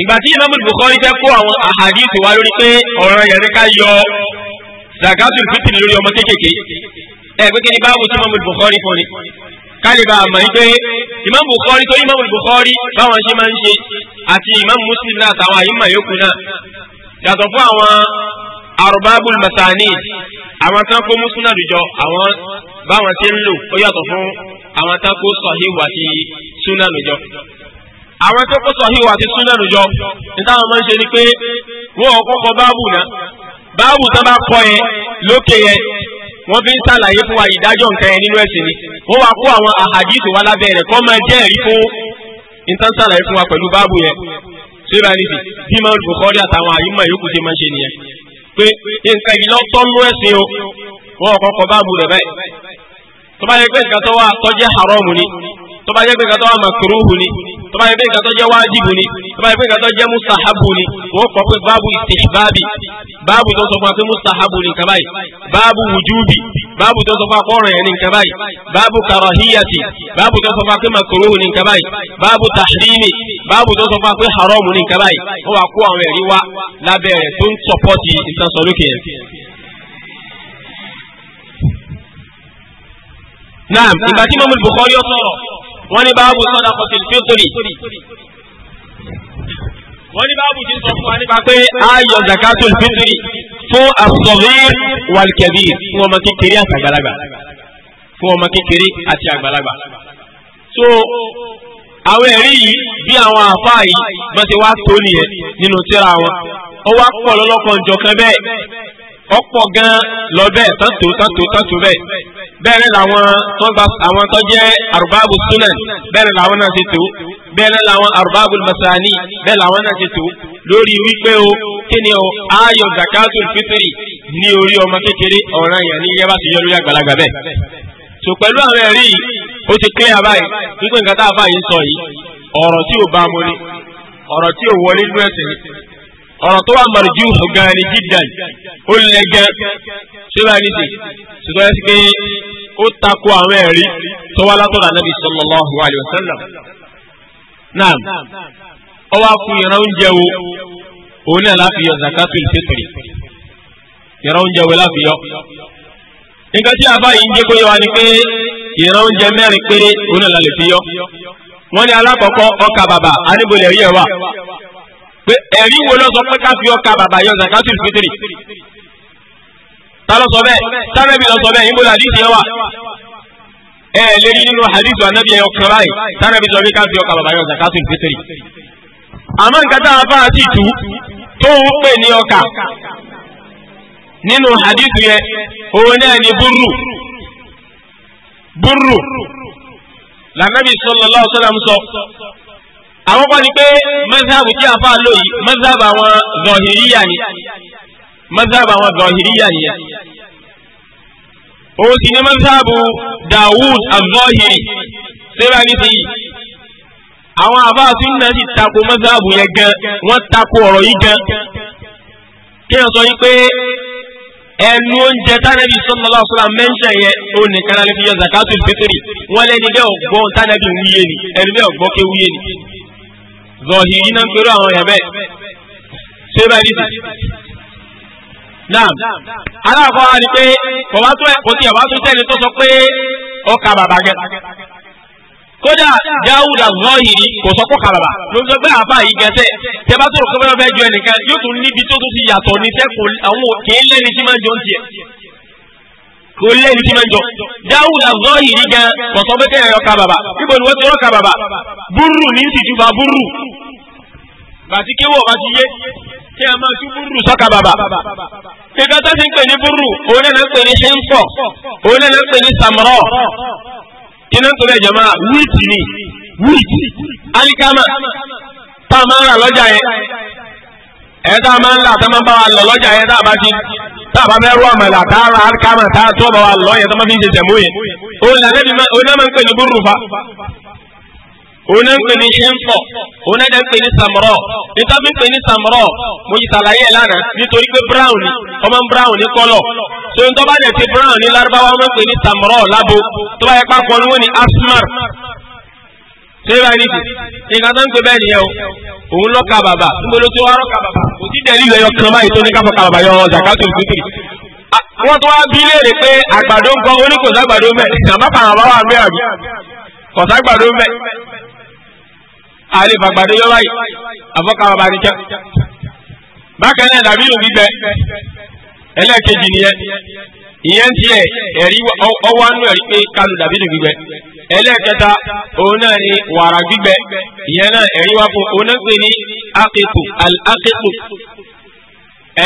Speaker 2: ìgbà tí Imam Bukhari fẹ́ kó àwọn àhàdíìsì wá lórí pé ọ̀ràn yẹn ká yọ zakatul fitr lórí ọmọ kéékèèké ẹ pé kí ni báwo tí Imam Bukhari fún ni kálíbà àmọ́ wípé Imam Bukhari tó Imam Bukhari báwọn ṣe máa ń ṣe àti Imam Muslim náà àtàwọn àyímọ̀ náà yàtọ̀ fún àwọn arubabul masani àwọn tán kó musuna dùjọ àwọn báwọn ti ń lò ó yàtọ̀ fún àwọn tán kó sahihu àti suna dùjọ àwọn tó kó sahihu àti suna dùjọ níta wọn máa ń ṣe ni pé wọn ò kọ́kọ́ báàbù náà báàbù tán bá kọ yẹn lókè yẹn wọ́n fi ń ṣàlàyé fún wa ìdájọ́ nǹkan yẹn nínú ẹ̀sìn ni wọ́n wá kó àwọn àhàdìsì wa lábẹ́ rẹ̀ kọ́ máa jẹ́ ẹ̀rí fún ìtàn ṣàlàyé fún wa pẹ̀lú báàbù yẹn síbà níbi bí máa ń Bukhari àtàwọn àyímọ̀ yòókù ṣe máa ń ṣe nìyẹn pé nǹkan yìí lọ́tọ́ nú ẹ̀sìn o wọ́n kọ́kọ́ bá bu rẹ̀ báyìí tó bá pé nǹkan tó wà tọ́jú haramu ni tó bá jẹ́ pé nǹkan tó wà makruhu ni tó bá jẹ́ pé nǹkan tó jẹ́ wájibu ni tó bá jẹ́ pé nǹkan tó jẹ́ mustahabu ni wọ́n kọ́ pé báàbù istihbabi báàbù tó sọ fún wa pé mustahabu ni nǹkan báyìí báàbù wujubi báàbù tó sọ fún wa kọ́rọ̀ yẹn ni nǹkan báyìí báàbù karahiyati báàbù tó sọ fún wa pé makruhu ni nǹkan báyìí báàbù tahrimi báàbù tó sọ fún wa pé haramu ni nǹkan báyìí wọ́n wá kó àwọn ẹ̀rí wa lábẹ́ tó ń sọpọ́tì ìtansọ̀lókè yẹn.
Speaker 1: naam ìgbà tí mọ́mú Bukhari sọ̀rọ̀ wọ́n ní báàbù sọ́dà kọ́sìlì fíntòlì
Speaker 2: wọ́n ní báàbù ti sọ fún wa nípa pé ayọ̀ zakatul fitri fún as-saghir wal-kabir fún ọmọ kékeré àti àgbàlagbà fún ọmọ kékeré àti àgbàlagbà. so àwọn ẹ̀rí yìí bí àwọn àfáà yìí wọ́n ti wá tó nìyẹn nínú tírà wọn ó wá pọ̀ lọ́lọ́kan jọ̀kan bẹ́ẹ̀ ọ̀pọ̀ gan lọ bẹ́ẹ̀ tọ́tù tọ́tù tọ́tù bẹ́ẹ̀ bẹ́ẹ̀ làwọn àwọn tó jẹ́ arúbáàbù sunan bẹ́ẹ̀ làwọn náà ti tó bẹ́ẹ̀ làwọn arúbáàbù masani bẹ́ẹ̀ làwọn náà ti tó lórí wípé o kí ni o ayọ̀ zakatul fitiri ní orí ọmọ kékeré ọ̀ràn yẹn ní yẹ́ bá ti yọ lórí àgbàlagbà bẹ́ẹ̀ so pẹ̀lú àwọn ẹ̀rí ó ti clear báyìí wípé nǹkan tá a fà yín sọ yìí ọ̀rọ̀ tí ò bá mu ni ọ̀rọ̀ tí ò wọlé nínú ọ̀rọ̀ tó wà mọ̀rọ̀jú gan ni jíjàn ó lẹ gan ṣọlá níṣẹ́ ṣùgbọ́n ẹsẹ̀ pé ó takò àwọn ẹ̀rí tó wá látọ̀dọ̀ anábì sallallahu alaihi wasallam. náà ọ wá fún yàrá oúnjẹ wo òun náà láfiyọ zakatul fitri yàrá oúnjẹ wo láfiyọ. nǹkan tí àbá yìí ń jẹ́ kóyọ wa ni pé yàrá oúnjẹ mẹ́rin péré òun náà lálẹ́ fi yọ. wọ́n ní alákọ̀ọ́kọ́ ọkà bàbà aníbolẹ̀ yẹ̀ wà pé ẹ̀rí wo ló sọ pé ká fi ọkà bàbá yọ zakatul fitiri ta ló sọ bẹ́ẹ̀ sanabi ló sọ bẹ́ẹ̀ yín bó la hadith yẹn wà ẹ lè rí nínú hadith anabi yẹn ọkàn báyìí sanabi sọ pé ká fi ọkà bàbá yọ zakatul fitiri àmọ́ nǹkan tá a fara sí tu tó ń pè ní ọkà nínú hadith yẹn òun náà ni búrú búrú lànàbì sallallahu alaihi wasallam sọ àwọn kọ́ ni pé mọ́sáàbù tí a fà lò yìí mọ́sáàbù àwọn zọ̀hìríyà ni mọ́sáàbù àwọn zọ̀hìríyà ni ó sì ní mọ́sáàbù Dawud azọ́hìrì sẹ́wà ní ti àwọn àbá sunna sì tako mọ́sáàbù yẹn gan wọ́n tako ọ̀rọ̀ yìí gan kí wọ́n sọ yìí pé ẹnu oúnjẹ tánàbí sallallahu alaihi wasallam mẹ́ńṣẹ̀ yẹn fi yọ zakatul fitri wọ́n lẹ́ni bẹ́ẹ̀ ọ̀gbọ́n tánàbí wúyé ni ẹni bẹ́ẹ̀ ọ̀gbọ́n ké wúyé ni zọ̀hìrì náà ń pẹ̀lú àwọn èèyàn bẹ́ẹ̀
Speaker 1: ṣé bá yìí náà aláàkọ́ wa ni pé kò wá tó kò sí ẹ̀wá tó sẹ́ni tó sọ pé
Speaker 2: ó ka bàbá gẹ kódà Dawud az-Zahiri kò sọ kó ka bàbá ló ń sọ pé àbá yìí gẹ̀ẹ́sẹ̀ tẹ bá tó rò pé wọ́n fẹ́ ju ẹnìkan yóò tún níbi tó tún ti yàtọ̀ ní sẹ́kùn àwọn kì í lẹ́ni jọ ń tiẹ̀ kò lẹ́ni tí máa ń jọ dáwùdà zọ́ọ̀yì ní gan kọ̀sọ́ pé kẹ́yìn ọkà bàbà níbo ni wọ́n ti rọ́ọ̀kà bàbà búrú ní ìsìjú bá búrú bàtí kéwọ́ bá ti yé kí a máa tú búrú sọ́kà bàbà kíkọ́ tó ti ń pè ní búrú òun náà ń pè ní ṣẹ́ńpọ̀ òun náà ń pè ní sàmúrọ̀ iná ń pè jama wíìtì ni wíìtì alikama tá a máa
Speaker 1: ń
Speaker 2: ẹ̀ẹ́dá máa ń là tó máa ń bá wa lọ lọ́jà yẹn tá a bá ti tá a bá fẹ́ rú àmàlà tá a ra àkàmà tá a tó bá wa lọ yẹn tó máa fi ń ṣe tẹ̀mú yẹn.
Speaker 1: òun náà máa ń pè ní búrúfa
Speaker 2: òun náà ń pè ní ṣẹ́ńfọ̀ òun náà ń pè ní sàmúrọ̀ nítorí ń pè ní sàmúrọ̀ mo yí sàlàyé ẹ̀ lánàá nítorí pé brown ọmọ brown ní kọ́lọ̀ tó ń tọ́ bá dẹ̀ ti brown ní lárúbáwá sèwà tó ń o òun bàbà tí wọ́n rọ́ka bàbà kò sí ẹyọ kan báyìí tó ní káfọ́ ka bàbà yọ zakato fitiri. wọ́n tún wá bí léèrè pé àgbàdo nǹkan oníkòsá àgbàdo mẹ́ ìjàmbá pàrọ̀ bá wà àbí àlè yọ báyìí bàbà bákan náà dàbí ẹlẹ́ẹ̀kejì nìyẹn ẹlẹ́ẹ̀kẹta òun náà ni wàrà gbígbẹ ìyẹn náà ẹ̀rí wá fún òun náà pè ní aqiqu al-aqiqu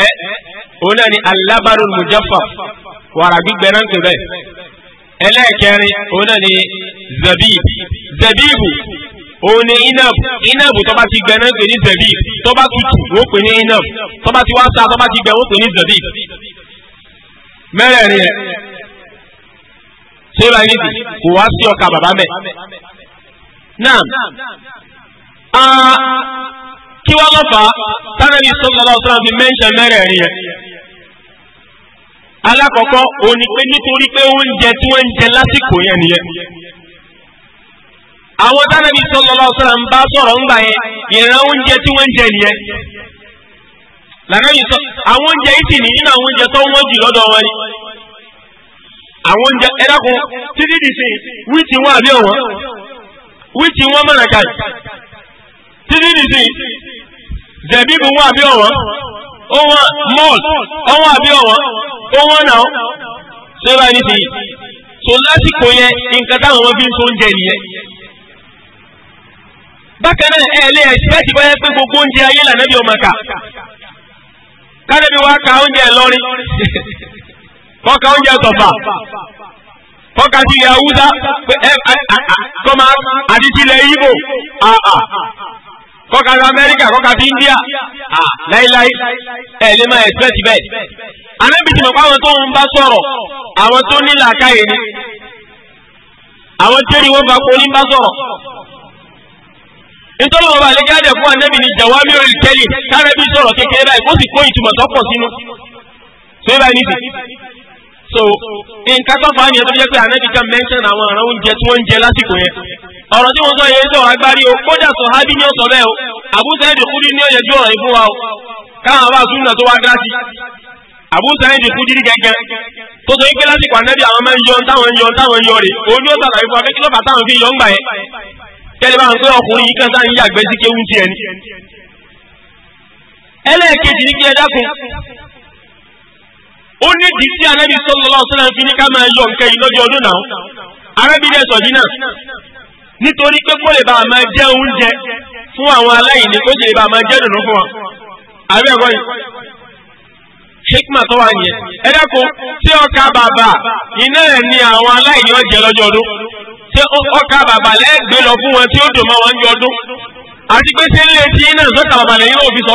Speaker 2: ẹ òun náà ni al-labanu al-mujaffaf wàrà gbígbẹ náà tó bẹ́ẹ̀ ẹlẹ́ẹ̀kẹrin òun náà ni zabib zabibu òun ni inab inab tó bá ti gbẹ náà pè ní zabib tó bá tutù wọ́n pè ní inab tó bá ti wá sa tó bá ti gbẹ wọ́n pè ní zabib mẹ́rẹ̀ẹ̀rin ṣé báyìí nìyí kò wá sí ọkà bàbá mẹ́.
Speaker 1: náà kí wọ́n lọ fà á tánàbí sọ́kọ̀lá ọ̀sán fi mẹ́ńṣẹ̀ mẹ́rẹ̀ẹ̀rin yẹn.
Speaker 2: alákọ̀ọ́kọ́ òun ni pé nítorí pé oúnjẹ tí wọ́n ń jẹ lásìkò yẹn nìyẹn àwọn tánàbí sọlọlọ sọlọ ń bá sọ̀rọ̀ ń gbà yẹn ìran oúnjẹ tí wọ́n ń jẹ nìyẹn lànàbí sọ àwọn oúnjẹ yìí sì ní nínú àwọn oúnjẹ tó wọ́n jù lọ́dọ̀ wọn ni àwọn oúnjẹ ẹ dákun títí wọn àbí wọn mọ̀nà káyì títí wọn àbí àbí náà ṣé bá tó lásìkò yẹn nǹkan táwọn ọmọ fi ń oúnjẹ nìyẹn bákan náà ẹ lé ka oúnjẹ kọ́ka oúnjẹ sọ̀fà kọ́ka ti ilẹ̀ haúsá kọ́ma àdìsí ilẹ̀ ibo kọ́ka ti amẹ́ríkà kọ́ka ti india láíláí ẹ̀ lè máa ẹ̀sìpẹ́sì bẹ́ẹ̀. anábìtì mọ̀ pé àwọn tó ń bá sọ̀rọ̀ àwọn tó ní làákàyè ni àwọn tẹ́rì wọn bá kó ní bá sọ̀rọ̀ nítorí wọn bá lè jáde fún anábì ní jawami olùkẹ́lì kárẹ́bí sọ̀rọ̀ kékeré báyìí kó sì kó ìtumọ̀ tó pọ̀ sínú. sọ so in tó fà á nìyẹn pé ànábì kan mention àwọn ọ̀ràn oúnjẹ tí wọ́n ń jẹ lásìkò yẹn ọ̀rọ̀ tí wọ́n sọ yẹn sọ̀rọ̀ agbárí o kódà sọ hábí ní ọ̀sọ̀ bẹ́ẹ̀ o àbúsẹ́ ìdìkúdí yìí fún wa o káwọn àbá súnà tó wá gíláàsì àbúsẹ́ ìdìkúdí gẹ́gẹ́ tó sọ pé lásìkò ànábì àwọn máa ń yọ táwọn yọ táwọn yọ rè fún wa táwọn fi yọ ń gbà onye ní ìdí tí anábì ọsọ na wasallam fi nke yọ nǹkan yìí lọ́jọ́ nítorí pé a máa oúnjẹ fún àwọn aláìní kó lè a máa dùnú fún wọn àbí ẹ̀kọ́ yìí hikma tó wà nìyẹn tí ọkà bàbà iná ní àwọn aláìní ọdún tí ọkà bàbà fún wọn tí ó dùn wọn ọdún àti pé iná bàbà òfin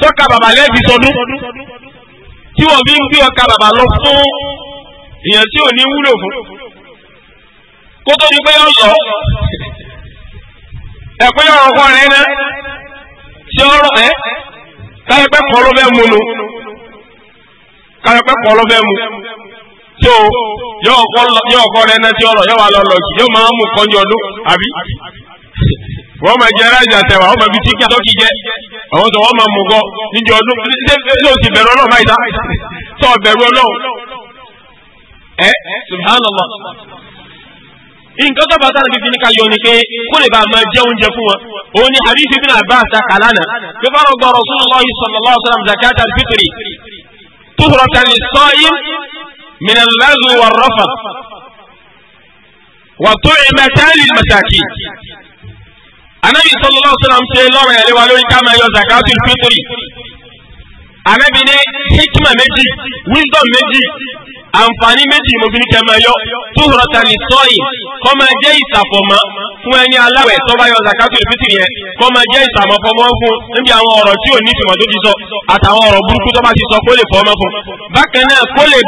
Speaker 2: sọ́ka bàbá lẹ́ẹ̀fi sọdún tí wọ́n fi ń gbé ọkà bàbá lọ fún èèyàn tí ò ní wúlò fún kó tó di pé yọ sọ ẹ̀pẹ́ yọ ọ̀rọ̀ rẹ̀ náà tí ọ̀rọ̀ ẹ̀ káyọ̀pẹ́ kọ́ ló fẹ́ mu nu káyọ̀pẹ́ kọ́ ló fẹ́ mu tí o yọ ọkọ rẹ̀ náà tí ọ̀rọ̀ yọ wà lọ́lọ́ yọ máa mú kọ́njọ́dún àbí wọ́n máa jẹ aráàjà tẹ̀wà wọ́n máa fi tíkì tọ́kì jẹ àwọn tó wọ́n máa mú gọ́ níjọ ọdún ló ti bẹ̀rù ọlọ́run báyìí tá tó bẹ̀rù ọlọ́run ẹ subhanallah nǹkan tó bá sára fífi ní ká yọ ni pé kó lè bá máa jẹ oúnjẹ fún wọn òun ni hadith ibn abbas kalana pé báwọn gba rasulullahi sallallahu alaihi wasallam zakat al-fitri tuhratan lis-sa'im min al-lazwi war-rafath wa tu'imatan lil-masakin anabi sallallahu alaihi wasallam ṣe lọ́rọ̀ ẹ̀ léwa lórí ká máa yọ zakatul fitri anabi ní hikima méjì wisdom méjì àǹfààní méjì ìmọ̀bìnrin kẹ́ máa yọ túhùrọ̀tà ní sọ́yìn kọ́ máa jẹ́ ìsàfọ̀mọ́ fún ẹni aláwẹ̀ tó bá yọ zakatul fitri yẹn kọ́ máa jẹ́ ìsàmọ́fọ́mọ́ fún níbi àwọn ọ̀rọ̀ tí ò ní ìtumọ̀ tó ti sọ àtàwọn ọ̀rọ̀ burúkú tó bá ti sọ kó lè fọ́ ọmọ fún bákan náà kó lè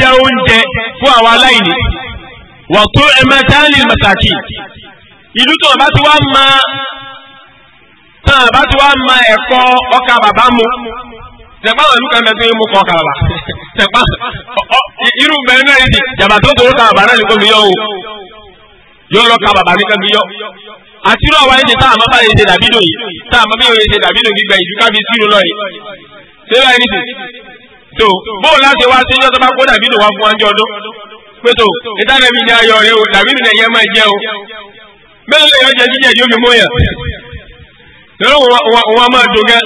Speaker 2: jẹ oúnjẹ fún àwọn aláìní wàtó ẹ̀mẹ́tálì màtàkì ìlú tó bá ti wá ma tán bá ti wá ma ẹ̀kọ́ ọkà bàbá mu tẹ̀pá ìlú kan bẹ tó yẹ mú kọ́ ọkà bàbá tẹ̀pá irú bẹ̀rẹ̀ náà yìí ti jàbá tó tòrò kàbàbà náà nìkan mi yọ o yọ ọ̀rọ̀ kàbàbà nìkan mi yọ àti irú àwọn ẹ̀jẹ̀ tá àmọ́ bá yẹ ṣe dàbídò yìí tá àmọ́ bí yẹ ṣe dàbídò gbígbẹ ìlú káfí sírò lọ yìí ṣé báyìí nìkan tó bóun láti wá sí yọ tó bá kó dàbídò wá fún wa ń jọ ọdún pé bẹ́ẹ̀ lè yọjẹ jíjẹ yóò fi mú yàn lọ́rọ̀ wọn máa dùn gan.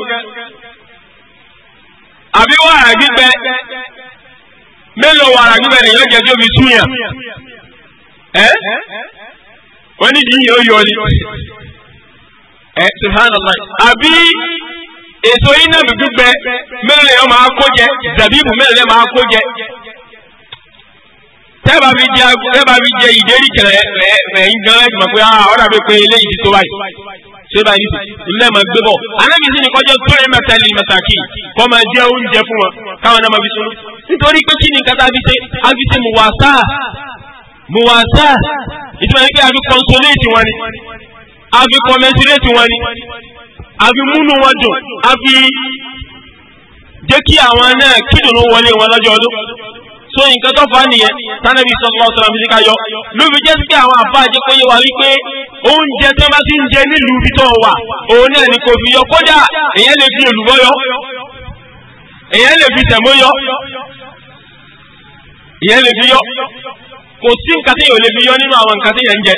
Speaker 2: àbí wàrà gbígbẹ mélòó wàrà gbígbẹ lè yọjẹ yóò fi sún yàn ẹ́ wọ́n ní ìdíyìn yọ ni ẹ́ àbí èso lè yọ máa kó zabibu tẹ́ẹ̀bà fi jẹ tẹ́ẹ̀bà fi jẹ ìdérí kẹlẹ̀ ẹ̀yìn gan láti mọ̀ pé ọ̀rọ̀ ah, àbí pé eléyìí ti tó báyìí ṣé báyìí ilé ẹ̀ máa gbé bọ̀ anábì sí ni kọjá tóyè mẹ́ta lè mẹ́ta kì í kọ́ máa jẹ oúnjẹ fún wọn káwọn náà máa fi sunú nítorí pé kí ni nǹkan tá a fi ṣe a fi ṣe mùwàsá mùwàsá ìtumọ̀ ní pé a fi consolate wọn ni a fi commensurate wọn ni a fi múnú wọn dùn a fi jẹ́ kí àwọn náà kídùnú wọlé wọn lọ́jọ́ ọdún so nǹkan tó fà á nìyẹn tánàbí sọlọ sọlọ fi ká yọ ló fi jẹ́ pé àwọn àbá àjẹ kó yé wa wípé oúnjẹ tó bá ti ń jẹ nílùú ibi tó wà
Speaker 1: òun náà ni kò fi yọ kódà èyàn lè fi èlùbọ́ yọ
Speaker 2: èyàn lè fi sẹ̀mó yọ èyàn lè fi yọ kò sí nǹkan tí yóò lè fi yọ nínú àwọn nǹkan tí yẹn ń jẹ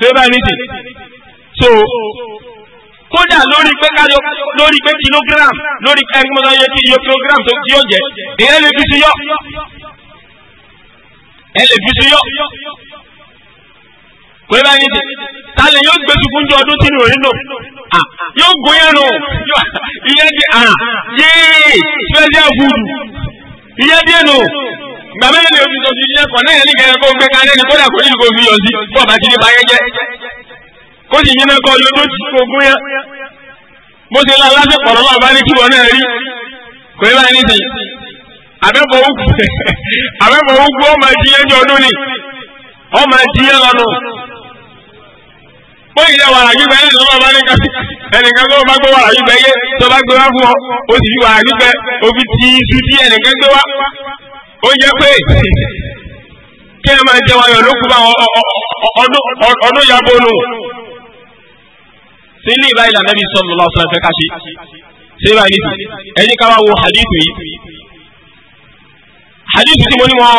Speaker 2: tó bá ní sè so kódà lórí pé ká lórí pé kilogram lórí ẹni mo sọ yẹ kí iye kilogram tó tí yóò jẹ èyí lè fi sí yọ ẹ lè fi sí yọ pé báyìí ti ta lè yóò gbé tukú ju ọdún tí nìyóò nínú yóò gún yẹn nù ìyẹn di à yéé fẹlẹ àbúrú ìyẹn di nù gbàmẹ́lẹ́ lè fi sọ sí iṣẹ́ kan náà yẹn ní kẹrẹ kó gbé ká lẹ́ni kódà kó ní kó fi yọ sí bọ́ọ̀bá ti ní báyẹn jẹ́ kó sì yín náà kọ́ lójó tí ogún yẹn bó ṣe lọ aláṣepọ̀ lọ́wọ́ bá ní kíwọ́ náà rí kò ní báyìí nísìnyí abẹ́bọ̀ wúkú abẹ́bọ̀ wúkú ọmọ ìdíyẹ ní ọdún ni ọmọ ìdíyẹ lọ́nu ó yẹ wàrà gbígbẹ yẹ lọ́wọ́ bá ní kásí ẹnìkan tó bá gbé wàrà gbígbẹ yẹ tó bá gbé wá fún ọ ó sì fi wàrà gbígbẹ òbí ti iṣu tí ẹnìkan gbé wá ó yẹ pé kí ẹ máa jẹ wáyọ̀ lókùn bá ọdún yabonu ṣé ilé ìbáyìí lànà bí sọ lọ́wọ́ sọ ẹ̀fẹ́ ká ṣe ṣé ìbáyìí nìsí ẹ̀yìn ká wá wo hadith yìí hadith tí mo ní wọn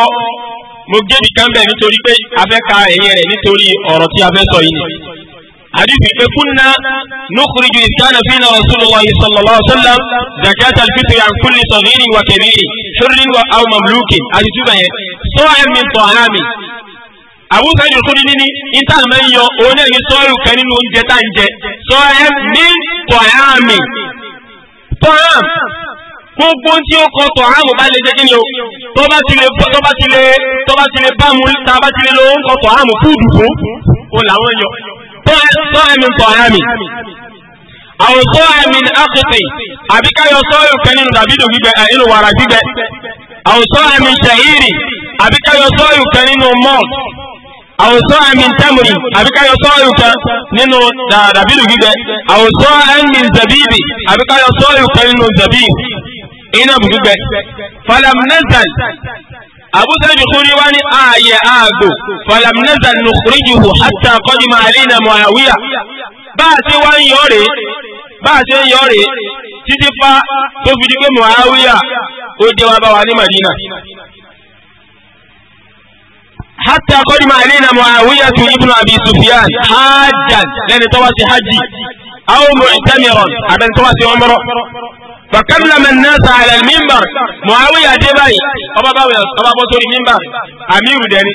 Speaker 2: mo gébi kan bẹ̀ nítorí pé afẹ́ ka ẹ̀yìn rẹ̀ nítorí ọ̀rọ̀ tí afẹ́ sọ yìí ni hadith yìí pé kúnna nukhriju ìsáná fínà rasulullahi sallallahu alaihi wasallam zakat alfitri an kulli saghirin wa kabirin hurrin wa aw mamlukin àti túbà yẹn Abu Sa'id al-Khudri ní ní níta máa ń yọ òun náà ní sọ́ọ̀rù kan nínú oúnjẹ tá à ń jẹ sọ́ọ̀rù ní tọ̀hámì tọ̀hám gbogbo tí ó kọ tọ̀hámù bá lè jẹ́ kí ni o tó bá ti lè tó bá ti lè tó bá ti lè bá mu tá a bá ti lè lo ń kọ tọ̀hámù fúdù fún òun làwọn yọ sọ́ọ̀rù tọ̀hámì àwọn sọ́ọ̀rù mi ní àkùtì àbíkáyọ̀ sọ́ọ̀rù kan nínú dàbídò gbígbẹ inú wàrà gbígbẹ àwọn sọ́ọ̀rù mi ṣàhírì àwòsọ àmì tamuri àbíkáyọ sọ́ọ̀rù kan nínú dàbílù gbígbẹ àwòsọ àmì zabibi àbíkáyọ sọ́ọ̀rù kan nínú zabibi iná gbígbẹ. falamnazal abúsẹ́jù kúrí wá ní ààyè ààgò falamnazal nukhrijuhu hatta qadima alina muawiya bá a ti wá ń yọ rèé bá a ti ń yọ rèé fa
Speaker 1: tó fi muawiya
Speaker 2: ó dé wá bá wa ní madina. حتى qadima alaina معاوية ابن أبي سفيان hajjan lẹ́ni tó wá sí hajj aw mu'tamiran abẹ́ni فكلم الناس على المنبر معاوية جباي أبا باوي أبا بوسوري منبر أمير داني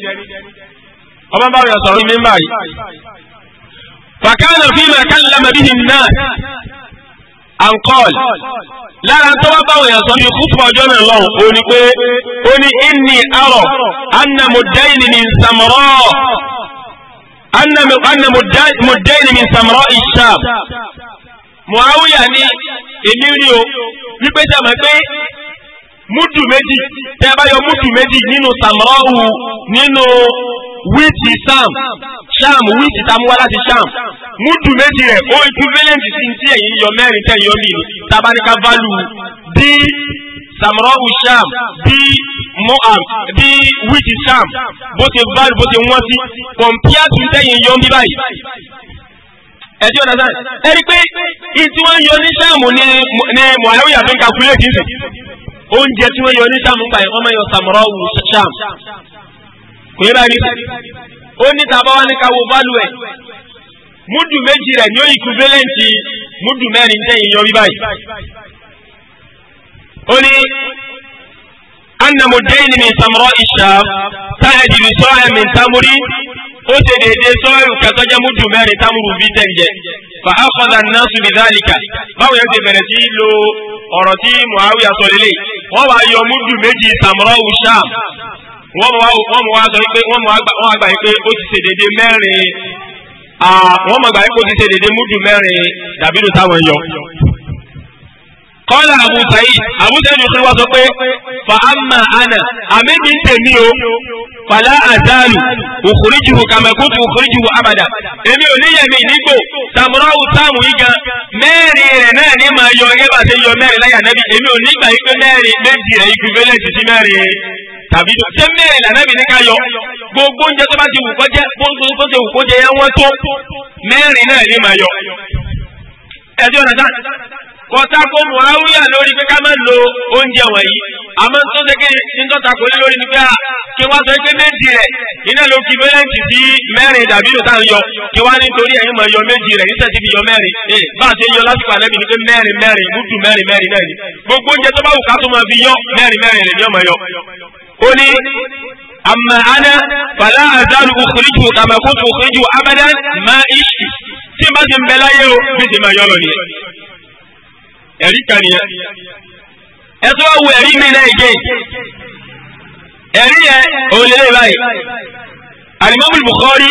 Speaker 2: أبا باوي أصوري منبر فكان فيما كلم به الناس أن قال lára tó wá báwọn èèyàn sọ ní kúfà ọjọ́ náà lọ́hùn ó ní pé ó ní inni arọ anna muddaini min samra anna anna muddaini min samra ishab muawiya ní èmi rí o wípé sàmà pé múdù meji, tẹ́ ẹ bá yọ múdù méjì nínú sàmọ́ọ̀hù nínú wíìtì sam sam wíìtì tamuwa láti sam múdù méjì rẹ̀ ó equivalent sí ti ẹ̀yìn yọ mẹ́rin tẹ́ yọ mí tabaríka value bí sàmọ́ọ̀hù sam bí moam bí wíìtì sam bó ti value bó ti wọ́n sí compare to tẹ́yìn yọ mí báyìí ẹ̀dí ọ̀nà sáà ẹ̀rí pé ìtí wọ́n yọ ní sáàmù ní Muawiya bin calculate oúnjẹ tí wọ́n yọ ní sàmù gbà yẹn wọ́n máa yọ sàmùrọ̀ wù sàm kò yẹ báyìí ó ní tàbá wà ní káwọ bálù ẹ̀ múdù méjì rẹ̀ ní ó ìkúbélẹ́ǹtì múdù mẹ́rin tẹ́yìn yọ bíbáyìí ó ní anna muddaini min samra isham ta'dilu sa'a min tamri ó ṣe déédé sọ́ọ̀rù kẹtọ́jẹ́ múdù mẹ́rin támúrù bíi tẹ̀jẹ̀ fa akọ́dà násù bí dálìkà báwo yẹn ti bẹ̀rẹ̀ sí lo ọ̀rọ̀ tí Muawiya sọ lélẹ̀ wọ́n wá yọ múdù méjì sàmúrọ̀ ṣáà wọ́n mọ̀ wá sọ pé wọ́n mọ̀ wá gbà pé ó ti ṣe déédé mẹ́rin wọ́n mọ̀ gbà pé ó ti ṣe déédé múdù mẹ́rin dàbí kọ́lá Abu Sa'id Abu Sa'id ló wá sọ pé fa amma ana àmẹ́bí ń tèmi o fàlà àzálù ukhrijuhu kama kuntu ukhrijuhu abada èmi ò níyẹ̀mí nígbò sàmúráwù sáàmù yìí gan mẹ́rin rẹ̀ náà ní máa yọ ẹgbẹ́ bá ṣe yọ mẹ́rin láyà nẹ́bí èmi ò nígbà yìí pé mẹ́rin méjì rẹ̀ yìí gbígbé lẹ́sì sí mẹ́rin tàbí ṣé mẹ́rin lànàbì ní ká yọ gbogbo oúnjẹ tó bá ti wù kó jẹ gbogbo ti wù kó jẹ yẹn wọ́n tó mẹ́rin náà ní máa yọ ẹ̀dí kọtako muawiya lórí pé ká máa lo oúnjẹ wọ̀nyí àmọ́ tó ṣe kí nítorí tako lé lórí ni pé kí wọ́n sọ pé méjì rẹ̀ iná ló kí bẹ́lẹ́ǹtì sí mẹ́rin dàbí yóò tàn yọ kí wọ́n nítorí ẹ̀yìn mọ̀ yọ méjì rẹ̀ níṣẹ́ ti yọ mẹ́rin bá a ṣe yọ lásìkò ànábì ni pé mẹ́rin mẹ́rin gúdù mẹ́rin mẹ́rin mẹ́rin gbogbo oúnjẹ tó bá wù ká tó máa fi yọ mẹ́rin mẹ́rin lè ní ọmọ yọ. ó ní ẹ̀rí kan nìyẹn ẹ tó wá wo ẹ̀rí mi náà ìgbé ẹ̀rí yẹn òun lè lè báyìí alimami Bukhari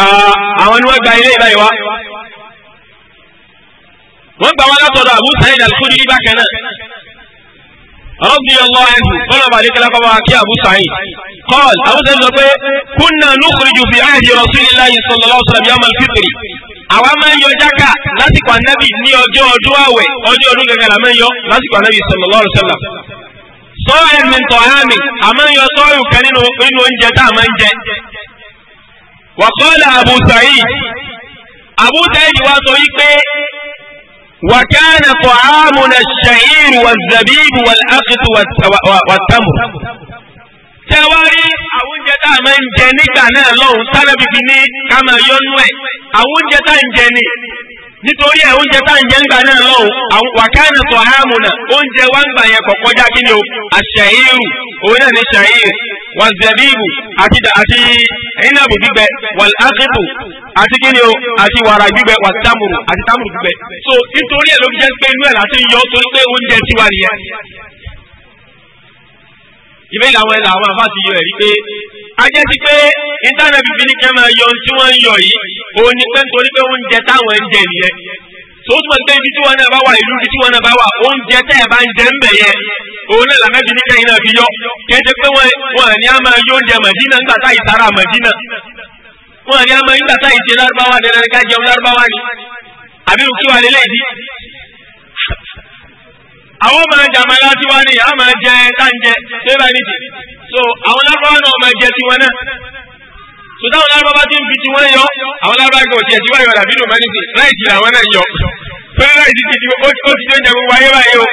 Speaker 2: ah, àwọn ni wọ́n gba ilé ìbáyìí wá wọ́n gba wọn látọ̀dọ̀ Abu Sa'id al-Khudri bákan náà radiyallahu anhu bọ́lá balẹ̀ kẹlẹ́ kọ́ bá kí Abu Sa'id qala Abu sọ pé kunna nukhriju fi ahdi rasulillahi sallallahu alaihi wasallam yawm àwa máa ń yọ jáka lásìkò ànábì ní ọjọ́ ọdún àwẹ̀ ọjọ́ ọdún gẹ́gẹ́ la máa ń yọ lásìkò ànábì sallallahu alaihi wasallam. sọ ẹ̀mí tọ̀ hàmì a máa ń yọ sọ́ọ̀rù kan nínú oúnjẹ tá a máa ń jẹ. wa qala Abu Sa'id Abu Sa'id sọ yí pé wa kana ta'amuna ash-sha'iru waz-zabibu wal-aqtu ṣe wá rí àwọn tá a máa ń jẹ nígbà náà lọ́hùn sáré bíbí ní ká máa yọnu ẹ̀ àwọn oúnjẹ tá ń jẹ ni nítorí ẹ̀ oúnjẹ tá ń jẹ ńgbà náà lọ́hùn àwọn wàkánà tó háàmù náà oúnjẹ wá ń gbà yẹn kọ̀ kọjá kí ni o àṣàyíru òun náà ní ṣàyíru wàzẹ̀bíìbù àti àti ìnàbù gbígbẹ wàlákìtù àti kí ni o àti wàrà gbígbẹ wàtàmùrù àti tàmùrù gbígbẹ so nítorí ẹ̀ ló fi jẹ́ pé inú ẹ̀ láti yọ torí pé oúnjẹ tiwa nìyẹn ìbẹ́ làwọn ẹ̀là àwọn àfáà ti yọ ẹ̀rí pé a jẹ́ sí pé intanẹ́ẹ̀tì fi ní kí wọ́n máa yọ ohun tí wọ́n ń yọ yìí òun ni pé nítorí pé oúnjẹ táwọn ń jẹ nìyẹn tó túmọ̀ sí pé ibi tí wọ́n náà bá wà ìlú ibi tí wọ́n náà bá wà oúnjẹ tẹ́ ẹ̀ bá ń jẹ ń bẹ̀ yẹn òun náà làmẹ́bí ní kẹ́yìn náà fi yọ kéde pé wọ́n ní a máa yọ oúnjẹ màdínà ń gbàtà ìtara màdínà wọ́n ní a máa ń àwọn máa jẹ àmàlà tiwa ni àwọn máa jẹ báyìí nìjì so àwọn lárúbáwá náà máa jẹ tiwọn náà so táwọn lárúbáwá ti ń fi tiwọn yọ àwọn lárúbáwá kò tiẹ̀ tiwọn yọ dàbí lòmọ́ nìjì láìsí làwọn náà yọ pẹ̀lú láìsí ti ó ti tó ń jẹ gbogbo ayé báyìí o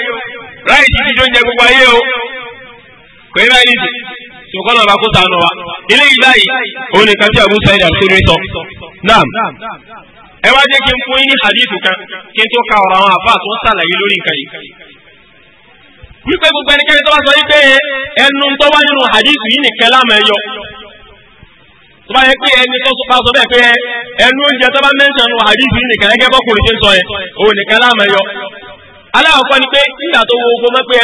Speaker 2: láìsí ti tó ń jẹ gbogbo ayé o kò yẹ báyìí nìjì sùgbọ́n ọba kó sànù wa ilé ìláyìí òun nìkan tí Abu Sa'id al-Khudri sọ naam ẹ wá jẹ́ kí n fún yín ní hadith kan kí n tó ka ọ̀rọ̀ àwọn àfa tó ń sàlàyé lórí nǹkan yìí wípé gbogbo ẹnikẹ́ni tó bá sọ wípé ẹnu tó bá nínú hadith yìí nìkan láàmú ẹyọ tó bá yẹ pé ẹni tó bá sọ bẹ́ẹ̀ pé ẹnu oúnjẹ tó bá mẹ́ńtàn nínú hadith yìí nìkan ẹgẹ́ bọ́kùnrin ṣe ń sọ yẹn òun nìkan láàmú ẹyọ aláwọ̀kọ́ ni pé nígbà tó wo ogun mọ́ pé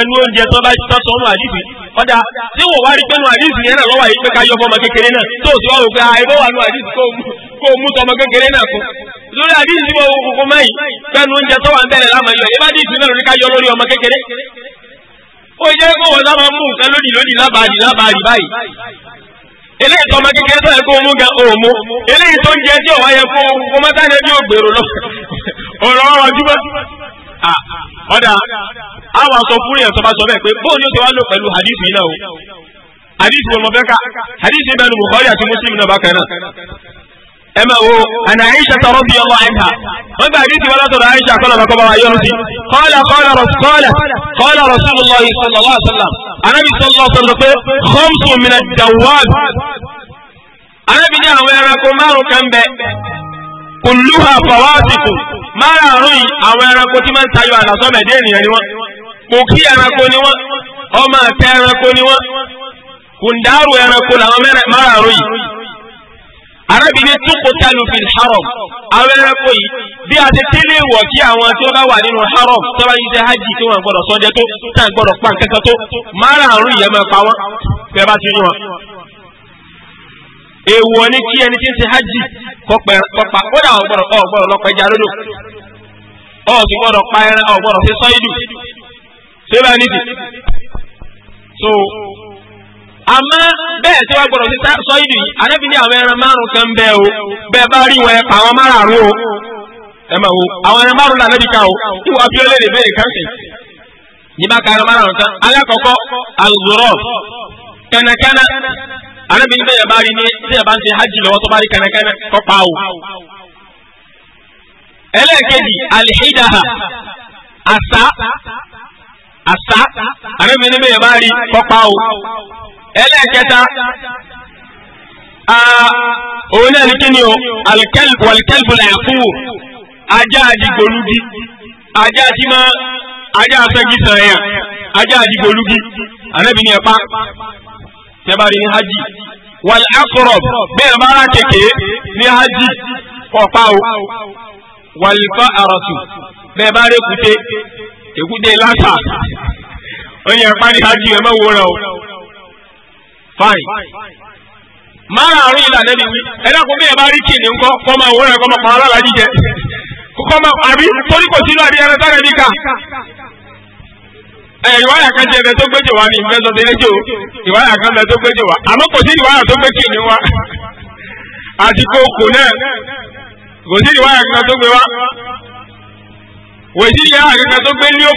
Speaker 2: ẹnu oúnjẹ tó bá sọ nù àdìsí ọjà tí wọ́n wá rí pé nù àdìsí yẹn náà lọ́wọ́ yìí pé ká yọ fọmọ kékeré náà tó sì wá wò pé àìbọ̀ ah, wà nù àdìsí kó lórí àdìsí bọ̀ kúkú mayi pẹ́nu oúnjẹ tó wà ń bẹ̀rẹ̀ ịba yọ ìbá dìsí náà ló ní ká yọ lórí ọmọ kékeré ó jẹ́ kó wọ́n sábà mú nǹkan lódì lódì lábàádì lábàádì báyìí eléyìí tó ọmọ kékeré tó yẹ kó mú ga òmu eléyìí tó ń jẹ tí ọwọ́ yẹ kó kó má sáré bí ògbèrò lọ ọ̀rọ̀ ọ̀rọ̀ júbọ́ ọ̀dà àwọn sọ fún yẹn sọba sọ bẹ́ẹ̀ pé bóun ló ti wá lò ẹ máa wo àná àyíṣà tọrọ bí ọlọ àyíṣà wọn gbà àdìsí wọn látọ̀dọ̀ àyíṣà kọlọ bàkọ bá wa yọrù sí kọlà kọlà kọlà kọlà rasulullah sallallahu alaihi wasallam anabi sallallahu alaihi wasallam pé khamsu min ad-dawab anabi ní àwọn ẹranko márùn kan bẹ kulluha fawasitu márùn yìí àwọn ẹranko tí máa ń tayọ àlàsọ mẹdẹ ènìyàn ni wọn kò kí ẹranko ni wọn ọmọ àtẹ ẹranko ni wọn kùndàrú ẹranko làwọn márùn yìí arábìnrin túkò tẹnu fi haram àwọn ẹranko yìí bí a ti tẹ́lẹ̀ wọ̀ kí àwọn tí wọ́n bá wà nínú haram tó bá yí iṣẹ́ hajj tí wọ́n gbọ́dọ̀ sọ́jẹ́ tó tá à ń gbọ́dọ̀ pa nǹkan kan tó mara àrùn ìyẹn máa pa wọ́n
Speaker 1: bẹ́ẹ̀ bá ti rí wọn.
Speaker 2: èèwọ̀ ni kí ẹni tí ń ṣe hajj kọpẹ́ kọpa ó dà ọ̀gbọ́dọ̀ ọ̀gbọ́dọ̀ lọ́pẹ́ já lódò ọ̀sì gbọ́dọ̀ pa ẹran ọ̀gbọ́dọ̀ fi sọ́ àmọ́ bẹ́ẹ̀ tí wọ́n gbọ́dọ̀ sí sọ ìdù yìí anábì ní àwọn ẹran márùn kan bẹ́ẹ̀ o bẹ́ẹ̀ bá rí wọn ẹ pa àwọn márùn o ẹ máa wo àwọn ẹran márùn là nábì ká o ìwà bí ó lè lè bẹ́ẹ̀ kàn sí. nígbà kan ẹran márùn kan alákọ̀ọ́kọ́ alùzọ́rọ̀ kànákànná anábì ní bẹ́ẹ̀ bá rí ní bẹ́ẹ̀ bá ń ṣe hajj lọ́wọ́ tó bá rí kànákànná kọ́ ẹlẹ́ẹ̀kẹta òun náà ní kí ni o wàlìkẹ́lbù làkú ajá àdìgbòlugi ajá tí máa ajá afẹ́gi sàn yẹn ajá àdìgbòlugi ànábì ní ẹ̀pá tẹ́bà rí ní hajj wàlìkẹ́sọ̀rọ̀ bẹ́ẹ̀ bá rà kéke ní hajj kọ̀ọ̀pá o wàlìkọ́ àrọ̀tù bẹ́ẹ̀ bá rí èkúté èkúté lásà ó ẹ̀pá ní hajj ẹ̀ mọ́ wúrọ̀ o fine mara àrùn yìí lànà níbi ẹ̀dá kò bẹ́ẹ̀ bá rí kìnìún ńkọ́ kọ́ máa wọ́n rẹ̀ kọ́ máa pa alára jíjẹ kọ́ máa àbí torí kò sílò àbí ẹrẹ sáré níkà ìwáyà kan jẹ́ ẹ̀bẹ̀ tó gbẹ́jọ wa ní ìfẹ́ sọ́dọ̀ eléjò ìwáyà kan bẹ̀ tó gbẹ́jọ wa àmọ́ kò sí ìwáyà tó gbé kìnìún wa àti kòkò náà kò sí ìwáyà kan tó gbé wa kò sí ìwáyà kan tó gbé ní ó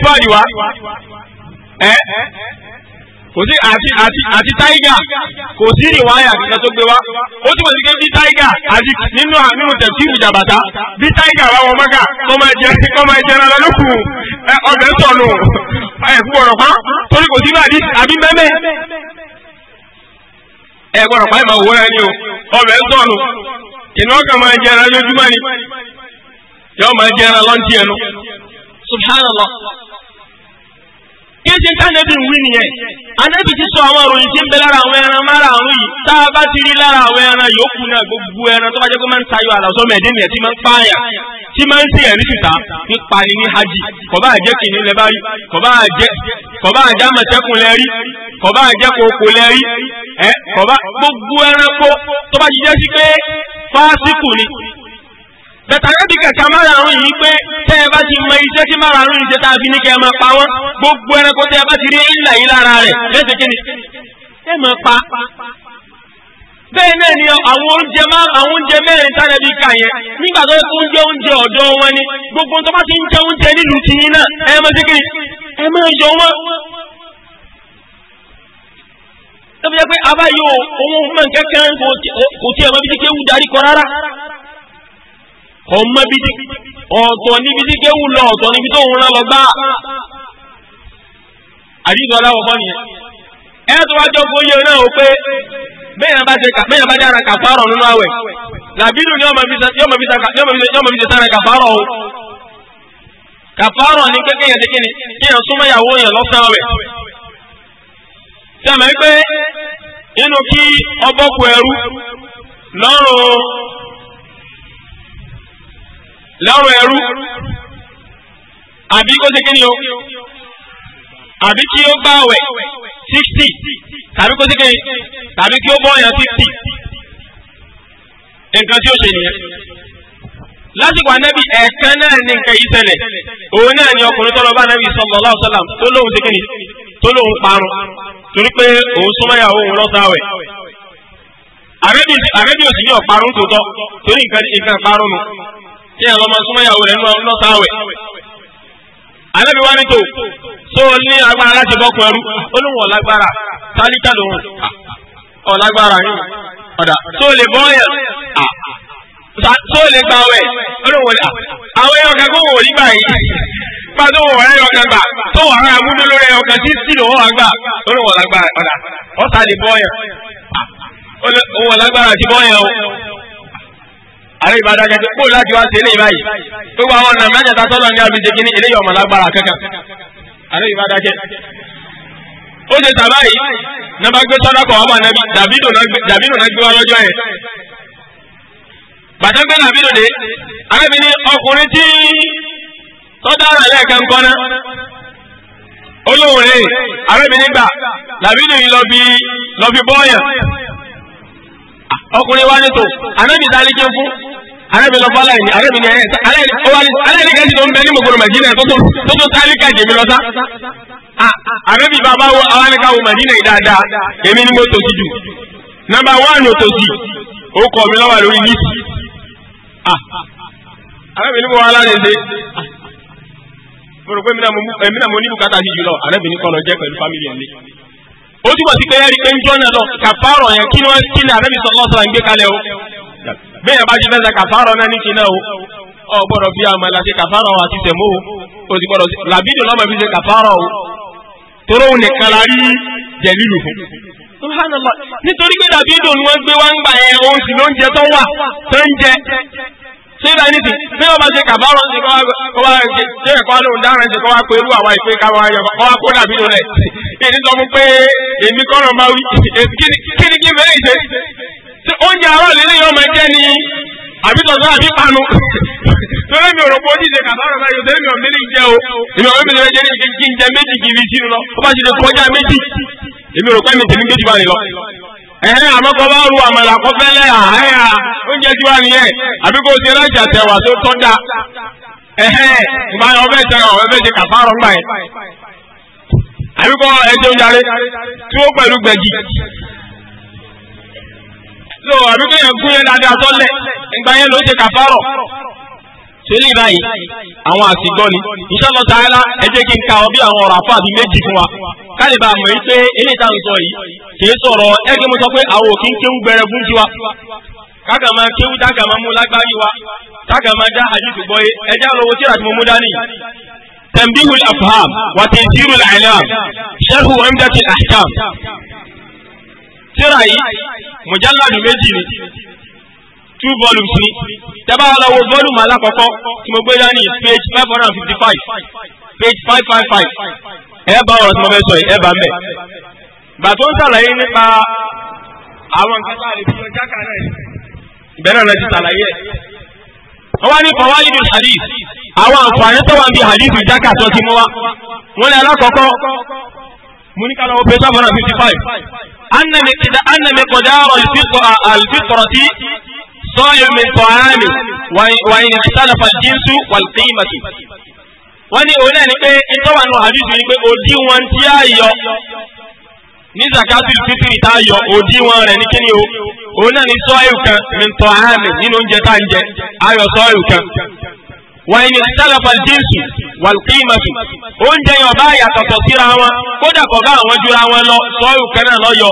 Speaker 2: kò sí àti àti àti táìgà kò sí ìwáyà kankan tó gbé wá ó túbọ̀ sí pé bí táìgà àti nínú nínú tẹ̀síìmù jàbàtà bí táìgà wà wọ mọ́gà kọ́ máa jẹ kọ́ máa jẹ ẹran lọ́lọ́kù ọbẹ̀ sọ̀nù ẹ̀kú ọ̀rọ̀ pa torí kò o ọbẹ̀ sọ̀nù ìnú ọkàn máa jẹ lójúmọ́ ni yọ kí ṣe tánẹ́bì ń wí nìyẹn anẹ́bì ti sọ àwọn òròyìn tí ń bẹ lára àwọn ẹran márààrún yìí tá a bá ti rí lára àwọn ẹran yòókù náà gbogbo ẹran tó bá jẹ́ pé máa ń tayọ àlàsọ mẹ́ẹ̀dín tí máa ń pààyà tí máa ń ṣe ẹ̀rí síta ń pani ní hajj kọ̀bá àjẹ́ kìnìún lẹ́ bá rí kọ̀bá àjẹ́ àmọ̀tẹ́kùn lẹ́ rí kọ̀bá àjẹ́ kòkò lẹ́ rí ẹ kọ̀bá gbogbo ẹranko tó bá ti jẹ́ sí pé fásitì ni bẹ̀tàrẹ́bì tẹ́ ẹ bá ti mọ iṣẹ́ tí mara àrùn ìṣe tá a fi ní kẹ́ ẹ máa pa wọ́n gbogbo ẹranko tẹ́ ẹ bá ti rí ìlà yìí lára rẹ̀ lẹ́sẹ̀ kí ni ẹ máa pa. bẹ́ẹ̀ náà ni àwọn oúnjẹ máa àwọn oúnjẹ mẹ́rin tá lẹ́bi kà yẹn nígbà tó kó oúnjẹ oúnjẹ ọ̀dọ́ wọn ni gbogbo tó bá ti ń jẹ oúnjẹ nílùú ti yín náà ẹ máa ṣe kí ni
Speaker 1: ẹ máa yọ wọn.
Speaker 2: tó fi jẹ́ pé abáyọ̀ òun mọ̀ nǹkan kan kò tí ẹ̀ mọ́ bí ọmọ bíi ọ̀tọ̀ níbi tí kéwù lọ ọ̀tọ̀ níbi tó ń rán lọ gbá àdìsọ aláwọ̀ bọ́ nìyẹn ẹ tó wá jọ fún yẹn náà ó pé bẹ́ẹ̀ bá ṣe bẹ́ẹ̀ bá dára kàfárọ̀ nínú àwẹ̀ làbínú ni ọmọ fi ṣe sára kàfárọ̀ o kàfárọ̀ ni pé kéèyàn ṣe kí ni kéèyàn súnmọ́ ìyàwó yẹn lọ́sàn-án rẹ̀ sẹ́mi pé inú kí ọbọ̀kù ẹrú lọ́rùn láwọn ẹrú àbí kó ṣe kíni o àbí kí ó bá wẹ̀
Speaker 1: sixty tàbí kó ṣe kíni tàbí kí ó bọ́ ọ̀yàn sixty nǹkan tí ó ṣe nìyẹn
Speaker 2: lásìkò anábì ẹ̀ẹ̀kan náà ní nǹkan yìí ṣẹlẹ̀ òun náà ni ọkùnrin tọ́lọ bá anábì sallallahu alaihi wasallam tó lóun ṣe kíni tó lóun parun torí pé òun súnmọ́ ìyàwó òun lọ́sàá wẹ̀ àrẹ́bí òsì ní ọ̀parun tòótọ́ torí nǹkan ìparun nù kí ẹ̀ lọ́mọ súnmọ́ ìyàwó rẹ̀ nínú lọ́ta wẹ̀. Àlẹ́bí wá tó o ní agbára láti bọ́kùn ẹrú olóhùn ọ̀lágbára tálíkà lòun ọ̀lágbára ah, yìí ọ̀dà tó lè bọ́ yẹn tó ah, lè gba ọwẹ́ olóhùn ọ̀lẹ́ àwọn ẹyọ kan kó wò ó nígbà yìí nígbà tó wò ẹyọ kan gbà tó wà á múlò lórí ẹyọ kan tí sí lòun àgbà olóhùn ọ̀lágbára ọ̀dà ọ̀tá lè bọ́ yẹn
Speaker 1: olóhùn ah, ọ̀lágbára ti bọ́ yẹn àwọn ìbáda jẹ pé kóòlù láti wá sí eléyìí báyìí gbogbo àwọn ọ̀nà mẹ́tẹ̀ẹ̀ta sọ́dọ̀ ní abidjan kìíní eléyìí ọmọ lágbára kankan
Speaker 2: àwọn ìbáda ó ṣe tàbá yìí
Speaker 1: nàbà gbé sọ́dọ̀kọ̀ ọmọ nàbí dàbídò náà gbé wá lọ́jọ́
Speaker 2: yẹn. ọkùnrin tí lẹ́ẹ̀kan kọ́ná gbà yìí lọ fi bọ́ọ̀yàn ọkùnrin wa ní tò anábì dálékè fún anábì lọ fún aláìní anábì ní ẹ aláìní kẹsì tó ń bẹ ní mọ̀gbọ́n màjínà tó tó sáré kàjé mi lọ́sá. anábì bàbá wo àwọn káwọ màjínà yìí ni mo nàmbà ò kọ mi lórí yìí. ṣe mo rò pé mo jù lọ ó túbọ̀ sí pé ẹ́rí pé ń jọ́nà lọ kàfàrọ̀ yẹn kí wọ́n kí ní ànábì sallallahu alaihi wasallam ń gbé kalẹ̀ o bẹ́ẹ̀ bá ṣe fẹ́ sa kàfàrọ̀ náà ní kí náà o ọ gbọ́dọ̀ fi àmọ́ la ṣe kàfàrọ̀ àti tẹ̀mó o ti gbọ́dọ̀ làbídò lọ́mọ fi ṣe kàfàrọ̀ o tóró òun nìkan la rí jẹ̀lílù fún.
Speaker 1: nítorí pé làbídò ni wọ́n gbé
Speaker 2: wá ń gbà yẹn ṣé ibà ní ti bí wọn bá ṣe kàbá wọn ṣe kọ́ wá ṣe ẹ̀kọ́ lóhùn dáhùn ṣe kọ́ wá pé irú àwọn ìpè káwọn ayọ̀ kọ́ wá kó dàbí lọ́lẹ̀ èyí sọ fún pé èmi kọ́rọ̀ máa wí kíni kí fẹ́rẹ̀ ṣe ṣe oúnjẹ àárọ̀ lélẹ̀ yóò máa jẹ́ ni àbí tọ̀tọ̀ àbí panu tẹ́lẹ̀ mi ò rò pé ojú ṣe kàbá rẹ̀ báyìí tẹ́lẹ̀ mi ò mẹ́rin jẹ́ o èmi ò mẹ́rin jẹ́ ní kí n jẹ méjì kì í fi sínú lọ ó bá ṣe lè kọjá méjì èmi ò rò pé mi tèmi méjì bá ní lọ. ẹ̀hẹ́ a bá ru àmàlà kọ́ fẹ́lẹ́ a oúnjẹ tí wà nìyẹn àbí kò ṣe láìjà tẹ̀wà tó tọ́jà ẹ̀hẹ́ ọbẹ̀ ọ̀rọ̀ ńgbà yẹn àbí kọ́ oúnjẹ tí ó pẹ̀lú gbẹ̀gì so àbí kọ́ yẹn gún yẹn dáadáa tọ́lẹ̀ ìgbà yẹn ló tẹ́lẹ̀ báyìí àwọn àsìgbọ́ ni inshallah ta'ala ẹ jẹ́ kí n ka ọ àwọn ọ̀rọ̀ àfọ àbí méjì fún wa kálíbà mọ̀ yìí pé eléyìí sọ yìí kìí sọ̀rọ̀ ẹ kí mo sọ pé àwọn òkín gbẹrẹ kága máa kéwú máa mú lágbárí wa máa ẹ já lọ́wọ́ mo mú dání afham two volumes ni tẹ́bá lọ wo volume alákọ̀ọ́kọ́ tí mo gbé dání page five hundred and fifty five page five five five ẹ bá ọ̀rọ̀ tí mo fẹ́ sọ yìí ẹ bá ń bẹ̀. bàtó ń sàlàyé nípa àwọn nǹkan tá a lè fi lọ jákà náà yìí ìbẹ̀rẹ̀ náà ti sàlàyé ẹ̀. wọ́n wá ní fawaidul hadith
Speaker 1: àwọn àǹfààní tó wà ń bi hadith jákà tó ti
Speaker 2: mú wa wọ́n ní alákọ̀ọ́kọ́ mo ní ká page five hundred and fifty five. أن مقدار الفطرة الفطرة sọ́ọ̀yù mi tọ́ àmì wàyìn ìtàlàfà jíńsù wàlùkìmàtù. wọ́n ní òun náà ni pé ìtọ́wà nù àdìsù ni pé òdì wọn tí a yọ ní zakatul fitiri tá a yọ òdì wọn rẹ̀ ní kíni o òun náà ni sọ́ọ̀yù kan mi tọ́ àmì nínú oúnjẹ tá a ń jẹ a yọ sọ́ọ̀yù kan wà ní ìsàlọ̀fà jíǹsù wà kíìmọ̀tù oúnjẹ yẹn ọba àyàtọ̀tọ̀ síra wọn kódà kọ̀ọ̀gá àwọn jura wọn lọ sọ́ọ̀rù kan náà lọ́yọ̀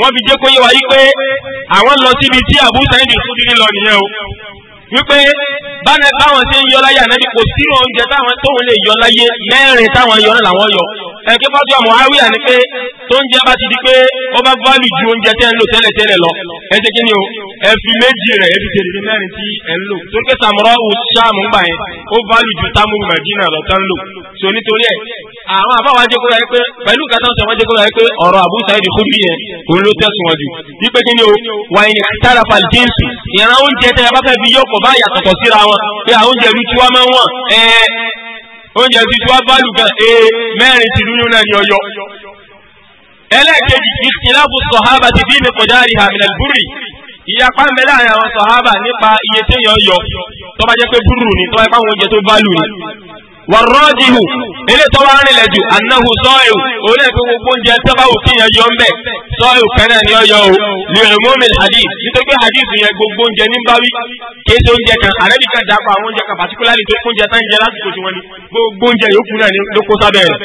Speaker 2: wọ́n fi jẹ́ kó yé wa yí pé àwọn lọ síbi tí àbúṣe ń fún dídí nìyẹn o wípé báyìí táwọn ti ń yọ láyé ànábì kò sí oúnjẹ táwọn tóun lè yọ láyé mẹ́rin táwọn yọ náà làwọn yọ ẹ̀kẹ́ fọ́tí ọmọ àríyá ni pé tó ń jẹ́ bá ti di pé ó bá válù ju oúnjẹ tẹ́ ń lò tẹ́lẹ̀ tẹ́lẹ̀ lọ ẹ ṣe kí ni o ẹ fi méjì rẹ̀ ẹ fi tèrè mẹ́rin tí ẹ ń lò torí pé sàmúrọ́ ò ṣáàmù gbà yẹn ó válù ju támù mẹ́dínà lọ tán lò so nítorí ẹ àwọn àbáwá jẹ́ kó ra yẹ pé pẹ̀lú kàtà sọ wọ́n jẹ́ kó ra yẹ pé ọ̀rọ̀ Abu yẹn òun ló tẹ̀sùn wọn jù wípé kí ni o wàyìn tàràfà jíǹsì ìran oúnjẹ tẹ́ ẹ bá fẹ́ fi yọ̀pọ̀ ò bá yàtọ̀tọ̀ síra wọn pé àwọn oúnjẹ ìlú tiwa máa ń wọ̀n ẹ oúnjẹ ìlú tiwa kan ẹ mẹ́rin ti lóyún náà ní ọyọ. ẹlẹ́ẹ̀kejì ìsìnláàbù sọ̀hábà ti bí mi kọjá rí hàmìnà búrì ìyapa ń bẹ láàrin àwọn sọ̀hábà nípa iye téèyàn yọ tó bá jẹ́ pé búrù ni tó bá jẹ́ pé àwọn oúnjẹ tó bálù wàrọ́ọ̀dìhù ilé tó wá rìnlẹ̀ jù annahu sọ́ọ̀yù orí ẹ̀fẹ́ gbogbo oúnjẹ tẹ́báwò kí yẹn yọ mbẹ́ sọ́ọ̀yù kẹ́nẹ̀ ni ó yọ o lè mọ́mí hadith nítorí pé hadith yẹn gbogbo oúnjẹ ní báwí kìí oúnjẹ kan àrẹ́bí kan dápọ̀ àwọn oúnjẹ kan pàtíkúlárì tó oúnjẹ tá ń jẹ lásìkò tí wọ́n ní gbogbo oúnjẹ yòókù náà ni ló kó sábẹ́ rẹ̀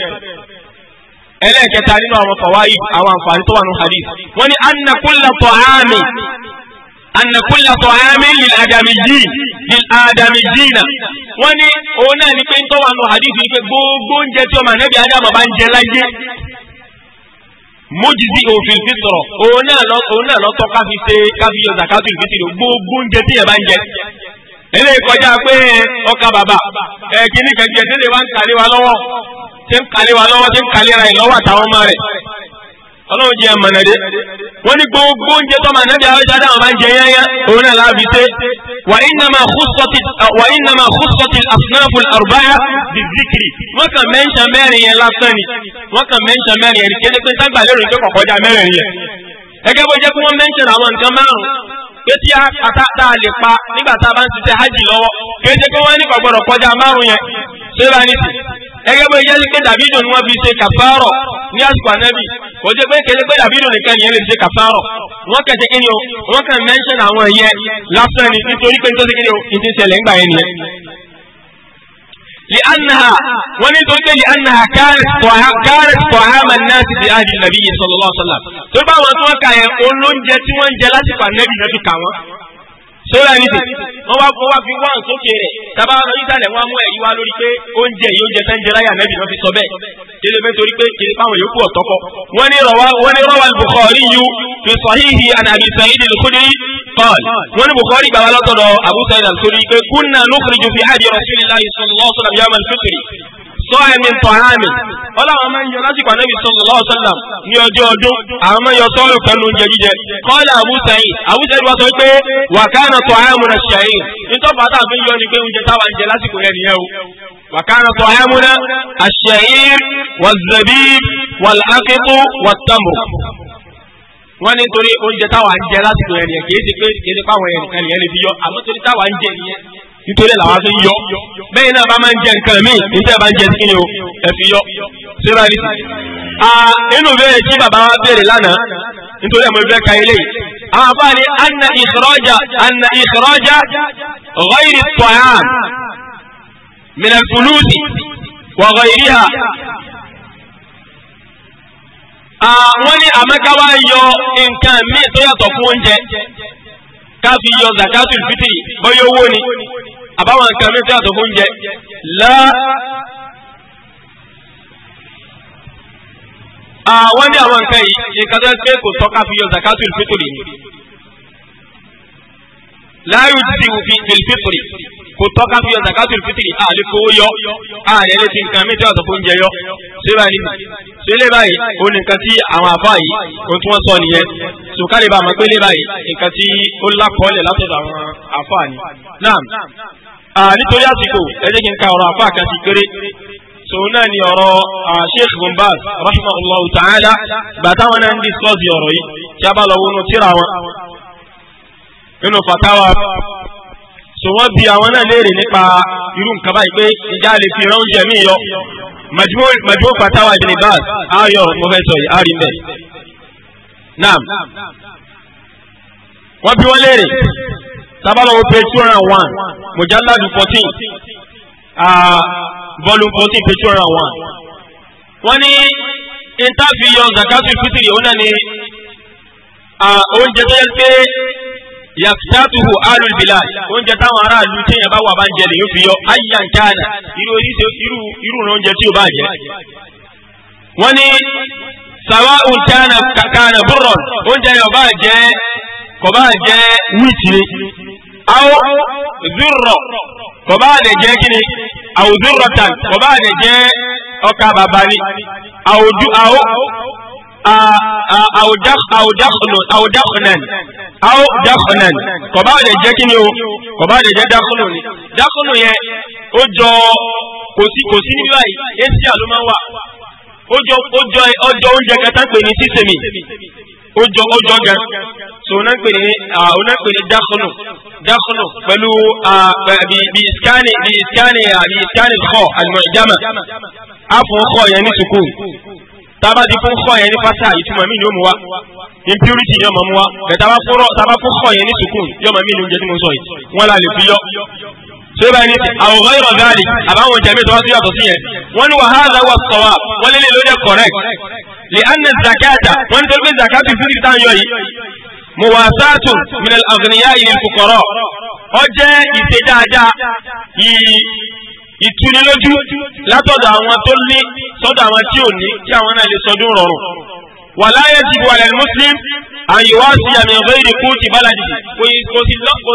Speaker 2: ẹlẹ́ẹ̀kẹta nínú àwọn fàwáyì àwọn àǹfààní tó wà anna kulla ta'amin lil adamiyyin lil adamiyyin wọ́n ní òun náà ni pé ń tọ́wọ́ àwọn hadith ni pé gbogbo oúnjẹ tí ọmọ ànábì ádámù bá ń jẹ láyé mójìdí òfin fífọ̀rọ̀ òun náà lọ́tọ́ káfí ṣe káfí yọ zakatu ìfitìrò gbogbo oúnjẹ tí yẹn bá ń jẹ eléyìí pé ọkà bàbá ẹ kìíní kẹjẹ tẹ́lẹ̀ wá ń kàlé wa lọ́wọ́ tí ń wa lọ́wọ́ tí ń ra ẹ̀ lọ́wọ́ àtàwọn ọmọ rẹ̀ ọlọ́run jẹ́ mọ̀nàdé wọ́n ní gbogbo oúnjẹ tó máa nàbí àwọn ìjádá àwọn jẹ yányá òun náà láàbí tẹ́ wà ìnàmà húsọ́tì àfúnáfù àrùbáyà bí zikiri wọ́n kàn mẹ́ńṣà mẹ́rin yẹn lásán ni wọ́n kàn mẹ́ńṣà mẹ́rin yẹn kéde pé tágbà lérò ní pé kọ̀kọ́jà mẹ́rin yẹn gẹ́gẹ́ bó jẹ́ pé wọ́n mẹ́ńṣà àwọn nǹkan márùn-ún pé tí a lè pa nígbà tá a bá ń ṣiṣẹ́ hajj lọ́wọ́ ẹgẹ bó yẹ pé dàbídò ni wọ́n fi ṣe kàfárọ̀ ní àsìkò ànábì kò jẹ́ pé kẹlẹ pé dàbídò nìkan nìyẹn lè ṣe kàfárọ̀ wọ́n kẹsẹ kí ni o wọ́n kàn mẹńṣẹ àwọn ẹyẹ lásán ni nítorí pé nítorí kí ni o ìdí ṣẹlẹ̀ ńgbà yẹn nìyẹn. لأنها ونتوجه لأنها كانت طعام كانت طعام الناس في عهد النبي صلى الله عليه وسلم. تبقى وتوكا يقولون جت وان جلست النبي نبي كمان sọ́ra ní ti wọ́n wá wọ́n wá fi wá sókè rẹ̀ tábà lọ ìsàlẹ̀ wọn mú ẹ̀yí wá lórí pé oúnjẹ yìí oúnjẹ tẹ́ ń jẹ láyà nẹ́bí wọn fi sọ bẹ́ẹ̀ kéde pé torí pé kéde fáwọn yòókù ọ̀tọ́kọ. wọ́n ní rọwà wọ́n ní rọwà Bukhari yu fi sahihi an Abi Sa'id al-Khudri qal wọ́n ní Bukhari gbà wá lọ́tọ̀dọ̀ Abu Sa'id al-Khudri pé kunna nukhriju fi hadi Rasulillahi sallallahu alaihi wasallam yawm al-fitr sọ́ọ̀mì tọ́hámì ọlọ́run máa ń yọ lásìkò ànábì sallallahu alaihi wasallam ní ọjọ́ ọdún àwọn máa ń yọ sọ́ọ̀rù pẹ̀lú oúnjẹ jíjẹ kọ́lá Abu Sa'id Abu Sa'id wá sọ pé wàkánà tọ́hámùnà ṣẹ̀yìn nítorí bàtà fi ń yọ ni pé oúnjẹ táwa ń jẹ lásìkò yẹn nìyẹn o wàkánà tọ́hámùnà àṣẹ̀yìn wàzẹ̀bí wàlákẹ́tù wàtàmù wọ́n ní torí oúnjẹ táwa ń jẹ lásìkò ẹ̀rìn kì í ṣe pé kì í ṣe páwọn ẹ̀rìn kan nìyẹn lè fi yọ àmọ́ torí táwa ń jẹ nìyẹn nítorí làwa fi ń yọ bẹ́ẹ̀ náà bá máa ń jẹ nǹkan míì níta bá ń jẹ kí ni o ẹ fi yọ síra ní. inú bẹ́ẹ̀ tí bàbá wa béèrè lánàá nítorí àwọn ìfẹ́ ka ilé yìí àwọn àbá ni anna ìṣọ́jà anna ìṣọ́jà ghayri
Speaker 1: Ah, wọ́n ní àmọ́káwá yọ
Speaker 2: nǹkan míì tó yàtọ̀ fún oúnjẹ ká fi yọ zakatul fitri bọ́yọ̀ owó ni àbáwọn nǹkan míì tó yàtọ̀ fún oúnjẹ lá. Ah, wọ́n ní àwọn nǹkan yìí nǹkan tó yẹ pé kò tọ́ yọ zakatul fitri ni láyé ojú ti wù fi fìlfìtìrì kò tọ́ ká fi yọ zakatul fitiri àlè kówó yọ àlè lè fi nǹkan mi tí wọ́n sọ fún jẹ yọ ṣé báyìí ṣé lè báyìí ó ní nǹkan tí àwọn àfa yìí ohun tí wọ́n sọ nìyẹn
Speaker 1: sọ ká lè bá àmọ́ pé lè báyìí
Speaker 2: nǹkan tí ó lápọ̀ọ́lẹ̀ látọ̀dọ̀ àwọn àfa ni.
Speaker 1: náà
Speaker 2: nítorí àsìkò ẹ jẹ́ kí n ka ọ̀rọ̀ àfa kan kéré sòun náà ni ọ̀rọ̀ sheikh bin baz rahimahullahu ta'ala gbàtà wọn náà ń discuss ọ̀rọ̀ yìí tí so wọ́n bi àwọn náà léèrè nípa irú nǹkan báyìí pé ìjà lè fi ìran oúnjẹ míì yọ màjúmọ́ fatawa ìdílé báàs ayọ̀ mo fẹ́ sọ yìí àárín bẹ́ẹ̀ naam wọ́n bi wọ́n léèrè sábàlọ́wọ́ page two hundred and one mojalladu fourteen volume fourteen page two hundred and one wọ́n ní intafi yọ zakatu fitiri òun náà ni oúnjẹ tó yẹ pé yàtúhù alùbìlà oúnjẹ táwọn aráàlú téèyàn bá wà bá ń jẹ lè yóò fi yọ ayíyànkáàna irú oníṣe irú irú oúnjẹ tí ó bá jẹ. wọ́n ní sàwa òǹkáàna kàkààna búrọ̀n oúnjẹ yóò bá jẹ kò bá jẹ wíìtì awo zurrọ kò lè jẹ kíni awo zurrọ tan kò lè jẹ ọkà bàbá ni awo ju awo àwòdáhùnán
Speaker 1: àwòdáhùnán kọ̀bá ọ̀dẹ̀ jẹ́ kí ni o
Speaker 2: kọ̀bá ọ̀dẹ̀ jẹ́ dákùnù ni dákùnù yẹn ó jọ kò sí kò sí nílò àyè asia ló máa ń wà ó jọ ó jọ ọjọ́ oúnjẹ kan tán pè ní sísèmì ó jọ ó jọ gan so ọ̀nà pè ní ọ̀nà pè ní dákùnù dákùnù pẹ̀lú bí iskani bí iskani bí iskani kọ́ àlùmọ̀ ìjàmà á fún kọ́ yẹn ní sukùl tába di fún kọ́ yẹn ní fásá ìtumọ̀ mí ni ó mu wá impurity ni ọmọ mu wá bẹ̀ tába fún kọ́ yẹn ní sukùn yọmọ mí ni oúnjẹ tí mo sọ yìí wọ́n la lè fi yọ. ṣé báyìí ní àwòrán ìrọ̀ gáàlì àbáwọn ìjà mẹ́ta wá sí yàtọ̀ sí yẹn wọ́n ní wàhálà wà sọ̀wà wọ́n lé lè lórí ẹ̀ correct lè anna zakata wọ́n ní torí pé zakatu fífi tá yọ yìí muwasaatun min al-aghniya lil-fuqara ó jẹ́ ìṣe yìí ìtunilójú látọ̀dọ̀ àwọn tó ní sọ́dọ̀ àwọn tí ò ní kí àwọn náà lè sọdún rọrùn
Speaker 1: wàlá yajibu ala muslim
Speaker 2: àyèwá sí àmì ọ̀gbẹ́ ìdíkú ti bálàdì kò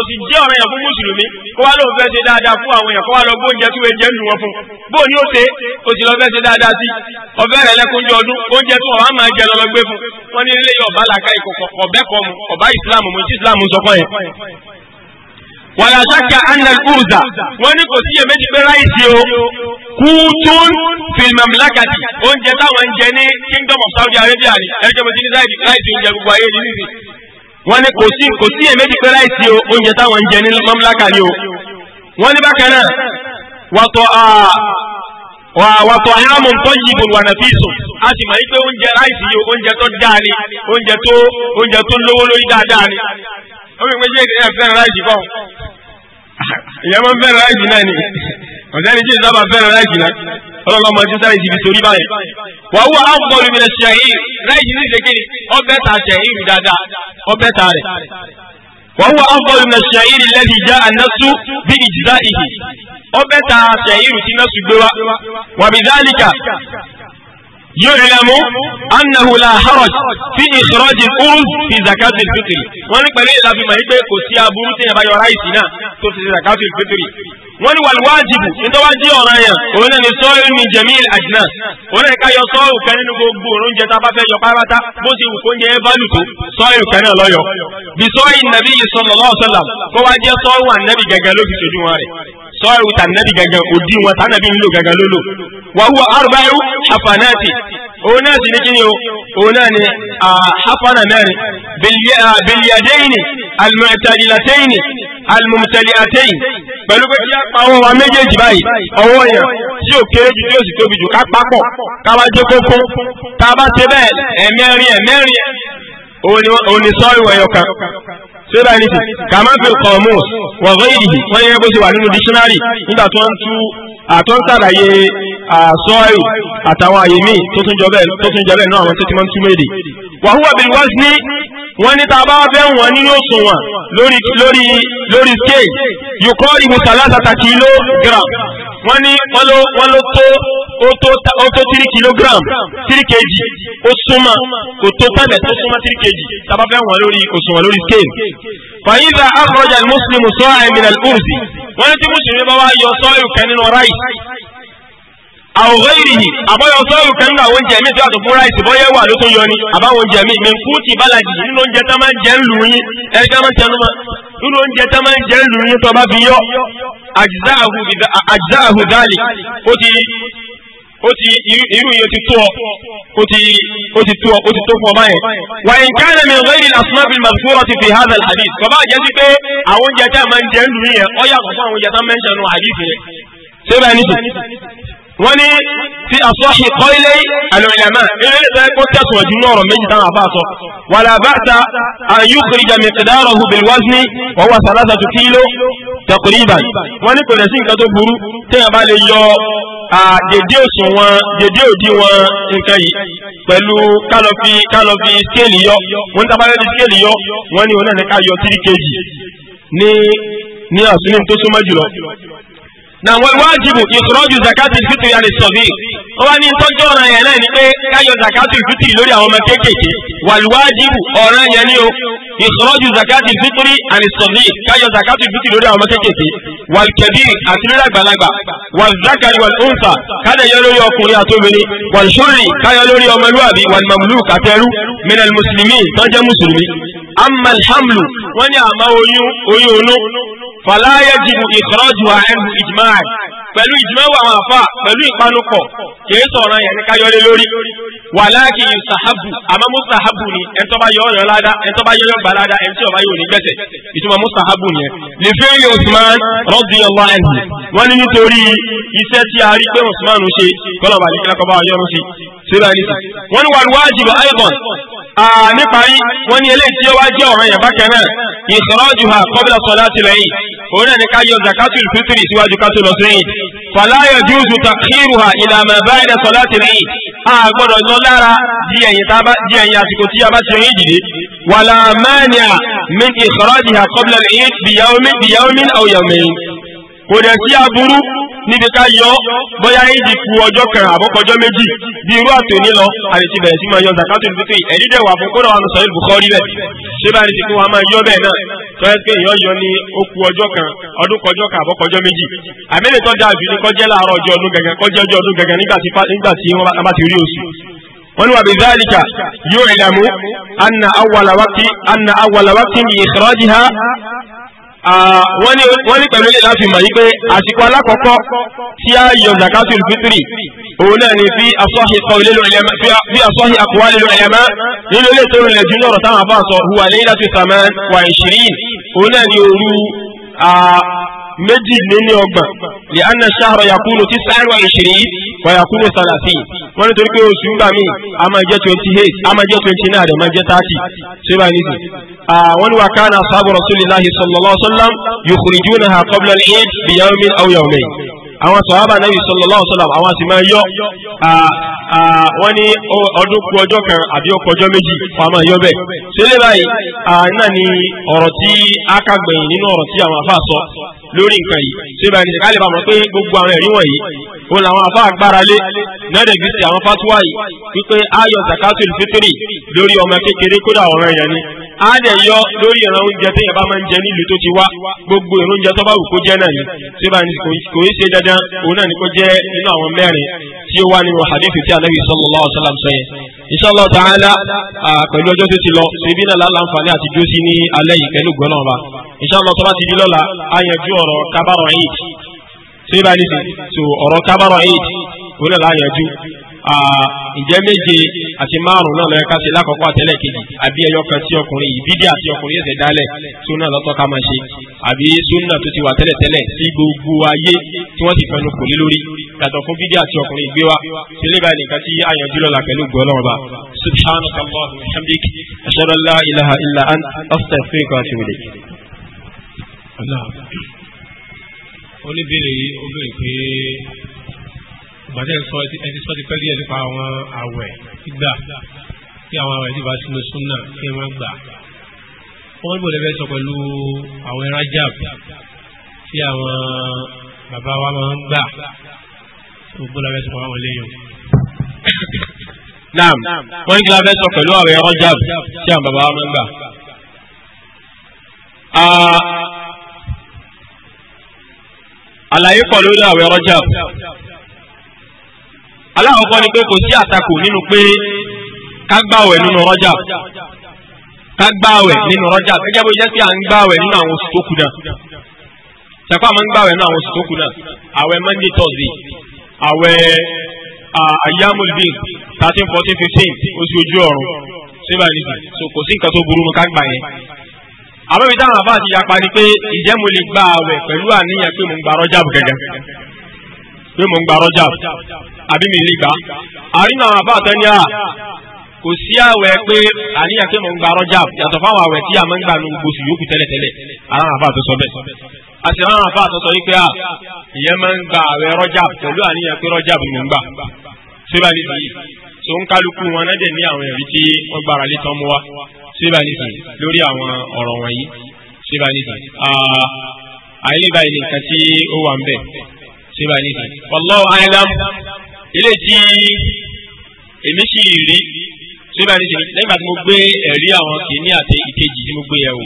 Speaker 2: sì jẹ́ ọ̀rọ̀ yẹn fún mùsùlùmí kó wá lóun fẹ́ ṣe dáadáa fún àwọn èèyàn kó wá lọ gbóúnjẹ tí wọ́n jẹ́ nù wọn fún bóun ni ó ṣe ó sì lọ fẹ́ ṣe dáadáa sí ọbẹ̀ rẹ̀ lẹ́kúnjẹ ọdún oúnjẹ tí wọ́n máa jẹ lọ́lọ́gbé fún wọn ní ilé yọ̀ọ̀bá làkà ìkọ̀kọ̀ ọ̀bẹ́ kọ́ mu ọ̀bá ìsìlámù mu tí ìsìlámù sọ wàlá sáka anna urza wọn ní kò sí iyèméjì pé ráìsì o kútún fil mamlakati oúnjẹ táwọn ń jẹ ní kingdom of saudi arabia ni ẹjọ bó ti ní ráìsì ráìsì oúnjẹ gbogbo ayé yìí nìyí wọn ní kò sí kò sí iyèméjì pé ráìsì o oúnjẹ táwọn ń jẹ ní mamlaka ni o wọn ní bákan náà wàtò wàtò àyàmù tó yí ibùdó wà nàfíìsù a sì máa ń pé oúnjẹ ráìsì yìí oúnjẹ tó dáa ni oúnjẹ tó oúnjẹ tó lówó lórí dáadáa ni ó fi pé ṣé ẹ fẹ́ràn ráìdì bọ́ ìyẹn máa ń fẹ́ràn ráìdì náà ni ọ̀sẹ̀ ni jésù sábà fẹ́ràn ráìdì náà ọlọ́lọ́ máa ń jésù ráìdì fi torí báyìí.
Speaker 1: wà á wọ àwùjọ mi lè ṣe yìí
Speaker 2: ráìdì ní ìṣèkéde ọbẹ̀ ta ṣe yìí rù dáadáa ọbẹ̀ ta rẹ̀.
Speaker 1: wà á wọ àwùjọ mi lè ṣe yìí lẹ́bi já ànásù
Speaker 2: bí ìjìdá ìhì ọbẹ̀ ta ṣe yìí rù tí náà ṣùgbọ́n wa wà bí dálíkà يعلم أنه لا حرج في إخراج الأرز في زكاة الفطر وأنا قليل لا في ما يبقى كسيا بروتين بايو رايسنا تفسير زكاة الفطر wọ́n ní wàlúwájìbù nítọ́wájú ọ̀ràn yẹn òun náà ni sọ́ọ́ mi jẹ̀míl àjìnà òun náà ká yọ sọ́ọ́ òkè nínú gbogbo oúnjẹ tá a bá fẹ́ yọ pátápátá bó ti wù kó ń yẹ ẹ́fálù tó òkè náà lọ́yọ̀ bí sọ́ọ́ ìnàbí yìí sọ̀rọ̀ lọ́ọ̀sọ̀là kó wá jẹ́ sọ́ọ́ wà nẹ́bí gẹ́gẹ́ ló fi ṣojú wọn rẹ̀ sọ́ọ́ ìwù tànẹ́bí gẹ́gẹ́ òdi wọn tànẹ́bí nílò gẹ́gẹ́ ló wàhùwà alimumutali àtẹ̀yìn pẹ̀lú pé kí á pa ọwọ́ wa méjèèjì báyìí ọwọ́ yẹn tí ò kéré jù tí ó sì tóbi jù ká papọ̀ ká wá jẹ́ kókó tá a bá ṣe bẹ́ẹ̀ ẹ̀mẹ́rin ẹ̀mẹ́rin òní sọ́ọ̀rì wọ̀nyọ̀ kan ṣé báyìí nìsí kàmá fi kọ̀ọ̀mù wọ̀gọ́ ìdìbì wọ́n yẹ bó ṣe wà nínú dictionary nígbà tó ń tú àtọ́ntàlàyé àsọ́ọ̀rì àtàwọn àyèmí tó tún jọ bẹ́ẹ̀ náà àwọn tó ti máa ń túmọ̀ èdè wàhúwà bìlúwàsí ní wọ́n ní tàbá fẹ́ wọ́n nínú òṣùwọ̀n lórí lórí lórí scale yòókọ́ ìwòsàn látàtà kìlógíràm wọ́n ní wọ́n ló tó ó tó tírí kìlógíràm tírí kejì ó súnmọ́ kò tó tẹ́lẹ̀ tó súnmọ́ tírí kejì tàbá fẹ́ wọ́n lórí òṣùwọ̀n lórí scale. fàyíǹda akọrọjà muslim sọ àìmìnà urzi wọ́n ní tí mùsùlùmí bá wá yọ sọ́ọ̀rù kan nínú ráì àwòrán ìrìhì àbọ̀yọ̀ sọ́ọ̀rù kẹ́ńgà oúnjẹ mi tó àtúnfún ráìsì bọ́yẹ̀ wà ló tó yọ ni àbáwọn oúnjẹ mi mi kú ti bálàjì nínú oúnjẹ tá máa ń jẹ ń lù yín ẹni tá máa ń tẹnu mọ́ nínú oúnjẹ tá máa ń jẹ ń lù yín tó bá fi yọ àjíṣà àhùdáàlì ó ti ó ti irú yẹn ti tó ọ ó ti ó ti tó ọ ó ti tó fún ọ báyẹn.
Speaker 1: wà á nǹkan ẹ̀mí ọ̀rẹ́rì lásán bí
Speaker 2: màsúrọ̀ ti fi hàdà hadith. bàbá àjẹ́ sí pé àwọn oúnjẹ tá a máa ń jẹ ń lù yẹn ọ yàtọ̀ fún àwọn oúnjẹ tá a máa ń jẹ nù hadith yẹn. ṣé báyìí nìyí wọ́n ní fi àsọ́ṣe kọ́ ilé àlọ́ìlàmá ilé ìgbà ẹ̀kọ́ tẹ̀sùn ọ̀jú náà ọ̀rọ̀ méjì táwọn àbá sọ wà lábàtà àyùkùrìjà mẹ̀tẹ̀dárọ̀ hùbìlwásní ọwọ́ sàlásà tó kíló tẹ̀kùrìbà wọ́n ní kò lẹ̀ sí nǹkan tó burú téèyàn bá lè yọ dèdé òsùn wọn dèdé òdi wọn nǹkan yìí pẹ̀lú kálọ̀fi kálọ̀fi skéèlì yọ wọ́n ní tábàlẹ́ na wal wajibu ìtọ́jú zakatul fitri àti sọ̀bí wọ́n wá ní tọ́jú ọ̀ràn yẹn náà ni pé káyọ̀ zakatul fitri lórí àwọn ọmọ kéékèèké wal wajibu ọ̀ràn yẹn ni o ìtọ́jú zakatul fitri àti sọ̀bí káyọ̀ zakatul fitri lórí àwọn ọmọ kéékèèké wal kabiri àti lórí àgbàlagbà wal zakari wal unsa káyọ̀ yọ lórí ọkùnrin àti obìnrin wal shurri káyọ̀ lórí ọmọlúwàbí wal mamluk àtẹrú minal mùsùlùmí fàlàyé jìbù ìkọ́rọ́jù àẹ́nu ìjìmáà pẹ̀lú ìjìmáà àwọn àfà pẹ̀lú ìpanupọ̀ kìí sọ̀rọ̀ yẹn ní káyọ́lé lórí wà láàkì ìsàhábù àmọ́ mùsàhábù ni ẹ̀ńtọ́ bá yọ ọ̀yọ́ ládá ẹ̀ńtọ́ bá yọ gbà ládá ẹ̀ńtí ọ̀bá yóò ní gbẹ̀sẹ̀ ìtumọ̀ mùsàhábù yẹn. lè fẹ́ yẹ Usman radiyallahu anhu wọ́n ní nítorí iṣẹ́ tí a rí pé Usman ṣe kọ́lọ̀ Ah, níparí wọ́n ní eléyìí tí ó wá jẹ́ ọ̀ràn yẹn bákan náà ìsọ̀rọ̀jù ha kọ́bílà sọ̀lá ti lẹ́yìn òun náà ní ká yọ zakatul fitri síwájú ká tó lọ sí lẹ́yìn fàlàyé júùsù takiru ha ìlànà báyìí sọ̀lá ti lẹ́yìn a gbọ́dọ̀ lọ lára di ẹ̀yìn àsìkò tí a bá ti yọyìn dìde wàlà mẹ́nìà min ìsọ̀rọ̀jù ha kọ́bílà lẹ́yìn kò dẹ̀ sí aburú níbi ká yọ bóyá ìdí ku ọjọ́ kan àbọ̀kọjọ́ méjì bí irú àtòní lọ àrètí bẹ̀rẹ̀ sí máa yọ zakato ìdúpẹ́ ẹ̀rí dẹ̀ wà fún kódà wà lọ́sọ̀ ìlú kọ́ rí bẹ̀ ṣé bá rètí kí wọ́n máa yọ bẹ́ẹ̀ náà tọ́yẹ́ pé èèyàn yọ ní ó ku ọjọ́ kan ọdún kọjọ́ kan àbọ̀kọjọ́ méjì àmẹ́lẹ̀ tọ́jà àbí ni kọjẹ́ láàárọ̀ wọ́n bá ti rí oṣù قل وبذلك يعلم أن أول وقت أن Ah, wọ́n ní pẹ̀lú ilé láti mọ̀ yí pé àsìkò alákọ̀ọ́kọ́ tí a yọ zakatul fitri òun náà ni fi asọ́hì àkọwálé lórí ẹ̀mọ́ nínú ilé tó rìnlẹ̀ jù lọ́rọ̀ táwọn afáàsọ huwa laylatu saman wa ishirin òun náà ni òru ah, méjì lé ní ọgbọ̀n lè anna ṣáàrọ̀ yakunu tí sáàrọ̀ ìṣirí wà yakunu sàlàsì wọ́n ní torí pé oṣù ń gbà mí a máa jẹ́ twenty eight a máa jẹ́ twenty nine a máa jẹ́ thirty ṣé bá nídìí. wọ́n ní wà ká na sábà rasulillahi sallallahu alaihi wa sallam yukhrijunaha qabla al-eid bi yawmin aw yawmayn àwọn sọ̀hábà nàbì sallallahu alaihi wa sallam àwọn sì máa yọ wọ́n ní ọdún kù ọjọ́ kan àbí ọkọ̀ ọjọ́ méjì fàmà yọ bẹ́ẹ̀. ṣé lè báyìí náà ni ọ̀rọ̀ tí a kà gbẹ̀yìn nínú ọ̀rọ̀ tí àwọn àfáà sọ lórí nǹkan yìí ṣé bá ní ìkálẹ̀ bàmọ̀ pé gbogbo àwọn ẹ̀rí wọ̀nyí òun làwọn àfa agbára lé nọ́ọ̀dẹ̀ fi ṣe àwọn fatuwa yìí wípé ayọ̀ zakatul fitiri lórí ọmọ kékeré kódà ọ̀rọ̀ ẹ̀yàn ni A dẹ̀ yọ lórí ìran oúnjẹ téèyàn bá máa ń jẹ nílùú tó ti wá gbogbo ìran oúnjẹ tó bá wù kó jẹ́ náà ni tí ó bá ní kò í ṣe dandan òun náà ni kó jẹ́ nínú àwọn mẹ́rin tí ó wá nínú hadithi tí anabi sallallahu alaihi wasallam sọ yẹn inshallah ta'ala pẹ̀lú ọjọ́ tó ti lọ ṣèbí náà láǹfààní àti jósí ní alẹ́ yìí pẹ̀lú gbọ́n náà bá inshallah tó bá ti di lọ́la á yanjú ọ̀rọ̀ kábàrọ̀ eid ṣé bá ní sè so ọ̀rọ̀ kábàrọ̀ eid òun náà láyanjú ǹjẹ́ méje àti márùn náà lọ́yẹ ká ṣe lákọ̀ọ́kọ́ àtẹ́lẹ̀ kejì àbí ẹyọ kan tí ọkùnrin yìí bídí àti ọkùnrin ẹ̀sẹ̀ dálẹ̀ súnà lọ́tọ́ ká máa ṣe àbí súnà tó ti wà tẹ́lẹ̀ tẹ́lẹ̀ sí gbogbo ayé tí wọ́n ti fẹnu kò lé lórí yàtọ̀ fún bídí àti ọkùnrin gbé wa tí ilé báyìí nìkan tí àyànjú lọ́la pẹ̀lú gbọ́lọ́ọ̀ba subhanaka allahumma
Speaker 1: ìgbàdé ń sọ ẹni sọ ti pẹ́ díẹ̀ nípa àwọn àwẹ̀ gbígbà tí àwọn àwẹ̀ ti bá sínú súnà kí ẹ gbà. wọ́n ní bòdẹ́fẹ́ sọ pẹ̀lú àwọn rajab tí àwọn
Speaker 2: bàbá wa máa ń gbà tó gbọ́dọ̀ fẹ́ sọ àwọn eléyìí.
Speaker 1: naam wọ́n ní kí sọ pẹ̀lú àwẹ̀ rajab tí àwọn bàbá wa máa ń gbà.
Speaker 2: àlàyé pọ̀ lórí àwẹ̀ rajab alákọ̀ọ́kọ́ ni pé kò sí àtakò nínú pé ká gbàwẹ̀ nínú rọ́jà ká gbàwẹ̀ nínú rọ́jà gẹ́gẹ́ bó jẹ́ pé à ń gbàwẹ̀ nínú àwọn oṣù tó kù náà ṣàpá àmọ́ ń gbàwẹ̀ nínú àwọn oṣù tó kù náà àwẹ̀ monday thursday àwẹ̀ ayamulbil thirteen fourteen fifteen oṣù ojú ọ̀run síbà nìyí so kò sí nǹkan tó burú mu ká gbà yẹn àbẹ̀bí táwọn àbá àti ìyapa ni pé ǹjẹ́ mo lè gba àwẹ̀ pẹ̀lú àníyàn pé mo ń gba rọ́jà bù gẹ́gẹ́ pé mo ń gba rọ́jà bù àbí mi lè gbà àrínà àwọn àbá àtọ́ à kò sí àwẹ̀ pé àníyàn pé mò ń gba rọ́jà yàtọ̀ fáwọn àwẹ̀ tí a máa ń gbà nù gbòsù yòókù tẹ́lẹ̀tẹ́lẹ̀ àwọn àbá àtọ́ sọ bẹ́ẹ̀ àti àwọn àbá àtọ́ sọ wípé à ìyẹn máa ń gba àwẹ̀ rọ́jà pẹ̀lú àníyàn pé rọ́jà ni mò ń gbà síbà ní sàyè tó ń kálukú wọn náà dẹ̀ ní àwọn ẹ̀rí tí wọ́n gbára lé tán mú wa síbà ní sàyè lórí àwọn ọ̀rọ̀ wọ̀nyí síbà ní sàyè àìlè báyìí tí ó wà ń bẹ̀ síbà ní sàyè wallahu ilé tí èmi sì rí síbẹ̀ ní sèmi lẹ́yìn àti mo gbé ẹ̀rí àwọn kìíní àti ìkejì tí mo gbé yẹ̀wò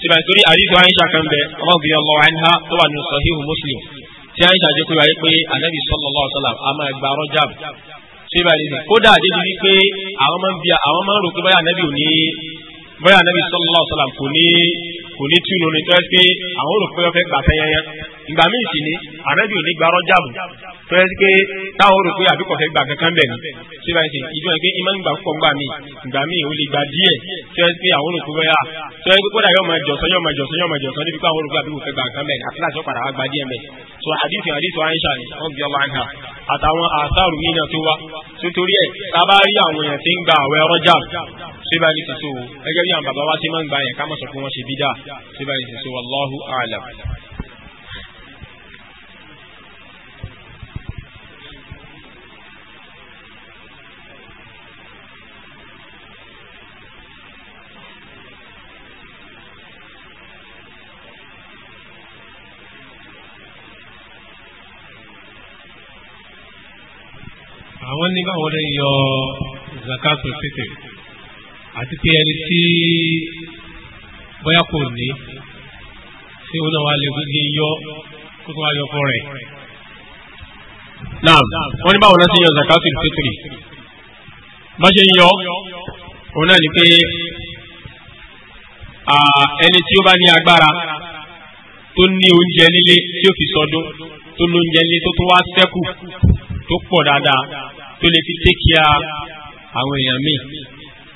Speaker 2: síbẹ̀ nítorí àdìsọ àyíṣà kan bẹ ọmọbìnrin ọlọ àyíṣà tó wà ní Sahihu Muslim tí àyíṣà jẹ́ pé wáyé pé anabi sallallahu alaihi wasallam a máa gba Rajab síbẹ̀ ní sèmi kódà àdébi ni pé àwọn máa ń bí àwọn máa ń rò pé báyà anabi ò ní báyà anabi sallallahu alaihi wasallam kò ní kò ní túnú ni tó yẹ pé àwọn rò pé wọ́n fẹ́ gbà tẹ́yẹyẹ ìgbà míì sì ni anabi ò ní gba Rajab tó yẹ pé táwọn rò pé àbíkọ̀ fẹ́ gbà kankan bẹ̀ ni ṣé báyìí ṣe ìjọ yẹn pé ìmọ̀ ń gbà púpọ̀ ńgbà mí ìgbà mí ò lè gbà díẹ̀ tó yẹ pé àwọn rò pé bẹ́yà tó yẹ pé kódà yóò máa jọ̀sán yóò máa jọ̀sán yóò máa jọ̀sán níbi pé àwọn rò pé àbíkọ̀ fẹ́ gbà kankan bẹ̀ ni àti láti ọ̀padà wá gbà díẹ̀ bẹ̀ so àdìsí àdìsí Aisha ni wọ́n bí ọba nǹkan àtàwọn àṣàrù mí náà tó wá nítorí ẹ̀ tá a bá rí àwọn èèyàn tí ń gba àwẹ̀ ọrọ́jà ṣé bá ní tìṣó gẹ́gẹ́ bí àwọn bàbá wa ṣe máa ń gba yẹn ká má sọ pé wọ́n ṣe bídà ṣé bá ní tìṣó wallahu a'lam.
Speaker 1: àwọn ní báwọn lè yọ zakato fitr àti pé ẹni tí bóyá kò ní tí ó náà wá lè gbé yọ kó tó wá yọ fún rẹ̀.
Speaker 2: náà wọ́n ní báwọn lè yọ zakato fitr bá ṣe yọ òun náà ni pé ẹni tí ó bá ní agbára tó ní oúnjẹ nílé tí ó fi sọdún tó lóúnjẹ nílé tó tún wá ṣẹ́kù tó pọ̀ dáadáa tó lè fi tẹ́kíà àwọn èèyàn míì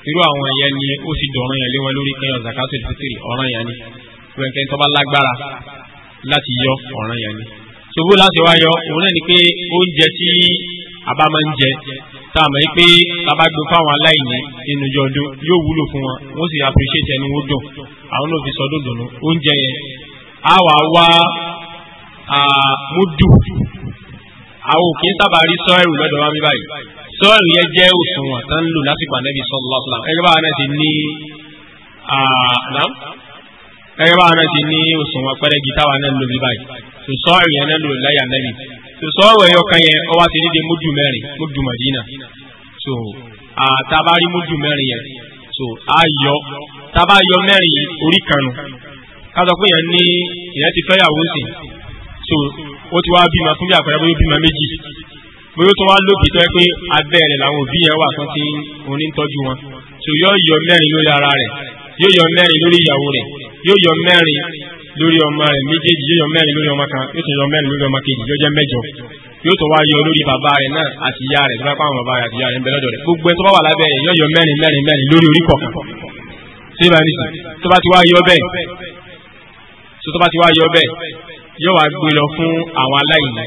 Speaker 2: irú àwọn èèyàn ni ó sì dọ̀ràn yẹn lé wọn lórí kẹyàn zakatul fitiri ọ̀ràn yẹn ni wẹ̀ǹkẹ́ tó bá lágbára láti yọ ọ̀ràn yẹn ni. ṣòwò láti wá yọ òun náà ni pé oúnjẹ tí a bá máa ń jẹ tá a mọ̀ pé tábà gbé fáwọn aláìní nínú ìjọ ọdún yóò wúlò fún wọn wọ́n sì appreciate ẹni wọ́n dùn àwọn náà fi sọdún dùnú oúnjẹ yẹn á wàá wá múdù àwọn òkè sábà rí sọ́ọ̀rù lọ́dọ̀ wa mi báyìí sọ́ọ̀rù yẹn jẹ́ òṣùwọ̀n tó ń lò lásìkò ànábì sallallahu alaihi wasallam ẹgbẹ́ báwa náà ti ní ẹgbẹ́ báwa náà ti ní òṣùwọ̀n pẹ́rẹ́ gita wa náà lò mí báyìí tó sọ́ọ̀rù yẹn náà lò láyà ànábì tó sọ́ọ̀rù ẹ̀yọ kan yẹn ọwọ́ ti ní de mójú mẹ́rin mójú Mádínà so tabari mójú mẹ́rin yẹn so ayọ tabayọ mẹ́rin orí kanu ká sọ yẹn ní ìyẹn ti fẹ́ yàwó sí so ó ti wá bímọ fún bí àpẹẹrẹ bóyá bímọ méjì bóyá tó wá lóbi tó yẹ pé abẹ́ rẹ̀ làwọn òbí yẹn wà tán tí òun ní ń tọ́jú wọn so yóò yọ mẹ́rin lórí ara rẹ̀ yóò yọ mẹ́rin lórí ìyàwó rẹ̀ yóò yọ mẹ́rin lórí ọmọ rẹ̀ méjèèjì yóò yọ mẹ́rin lórí ọmọ kan yóò tún yọ mẹ́rin lórí ọmọ kejì yóò jẹ́ mẹ́jọ yóò tó wá yọ lórí bàbá rẹ̀ náà àti ìyá rẹ̀ tó bá pàwọn wá yọ bẹ́ẹ̀ yóò wá gbé lọ fún àwọn aláìní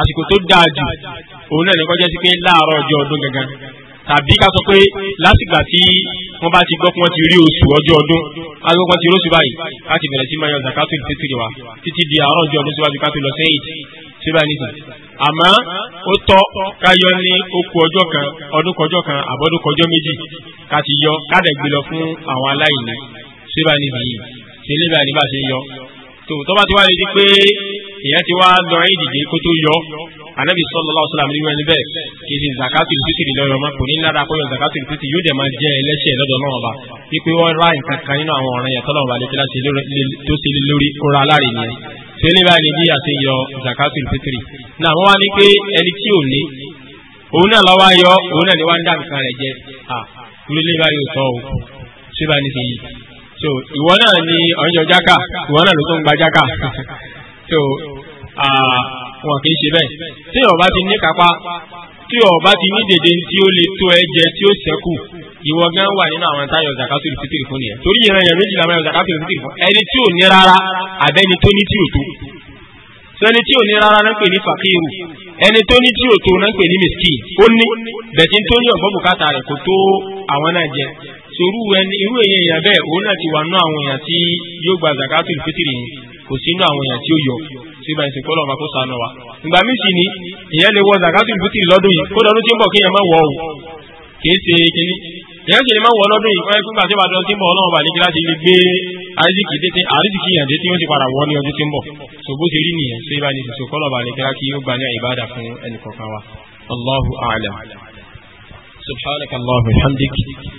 Speaker 2: àsìkò tó dáa jù òun náà ní kọjá sí pé láàárọ̀ ọjọ́ ọdún gangan tàbí ká sọ pé lásìgbà tí wọ́n bá ti gbọ́ pé wọ́n ti rí oṣù ọjọ́ ọdún agbẹ́ wọn ti rí oṣù báyìí láti bẹ̀rẹ̀ sí máa yan zakatul fitri wa títí di àárọ̀ ọjọ́ ọdún síwájú ká tó lọ sí èyí tí bá nìyí. àmọ́ ó tọ́ ká yọ ní okùn ọjọ́ kan ọdún kọjọ́ kan àbọ̀dún kọjọ́ méjì ká ti yọ ká dẹ̀ lọ fún àwọn aláìní tí bá nìyí. ṣe lébà ní tó tó bá ti wá lè di pé ìyẹn ti wá lọ ẹ́ ìdìje kó tó yọ anabi sallallahu alaihi wasallam nínú ẹni bẹ́ẹ̀ kì í ṣe zakatul fitiri lọyọ ọmọ kò ní lára kó yọ zakatul fitiri yóò dẹ̀ máa jẹ ẹlẹ́ṣẹ̀ lọ́dọ̀ náà ọba wípé wọn ra nǹkan kan nínú àwọn ọ̀ràn yẹn tọlọmọba lè tẹlẹ tó ṣe lórí kóra aláàrẹ nìyẹn tí ní báyìí ní bí àṣeyọ zakatul fitiri náà wọn wá ní pé ẹni tí ò ní òun náà lọ wá òun náà ni wá ń dá nǹkan rẹ̀ jẹ à kúrò lè báyìí ò so ìwọ náà ni ọ̀njọ́ jáka ìwọ náà ló tó ń gba jáka so wọn kì í ṣe bẹ́ẹ̀ tí ọba ti ní kápá tí ọba ti ní dèdè tí ó lè tó ẹ̀jẹ̀ tí ó ṣẹ́kù ìwọ gan wà nínú àwọn táyọ zakatul fitiri fún nìyẹn torí yẹn yẹn méjìlá máa yọ zakatul fitiri fún ẹni tí ò ní rárá àbẹni tó ní tí ò tó sẹni tí ò ní rárá náà pè ní fakiru ẹni tó ní tí ò tó náà pè ní miskin ó ní bẹ̀tí tó ní ọ̀gbọ́n bùkátà rẹ̀ kò tó àwọn náà jẹ sorú ẹni irú èèyàn èèyàn bẹ́ẹ̀ òun náà ti wà nú àwọn èèyàn tí yóò gba zakatul fitiri yìí kò sí nú àwọn èèyàn tí ó yọ tí bá ọlọ́run wa. ìgbà sì ni ìyẹn lè wọ fitiri lọ́dún yìí kó lọ́dún tí ń bọ̀ kí má wọ̀ ọ́ kìí ṣe kìíní. ìyẹn sì ni má wọ̀ lọ́dún yìí tí wàá tí ń bọ̀
Speaker 1: ọlọ́run bàlẹ́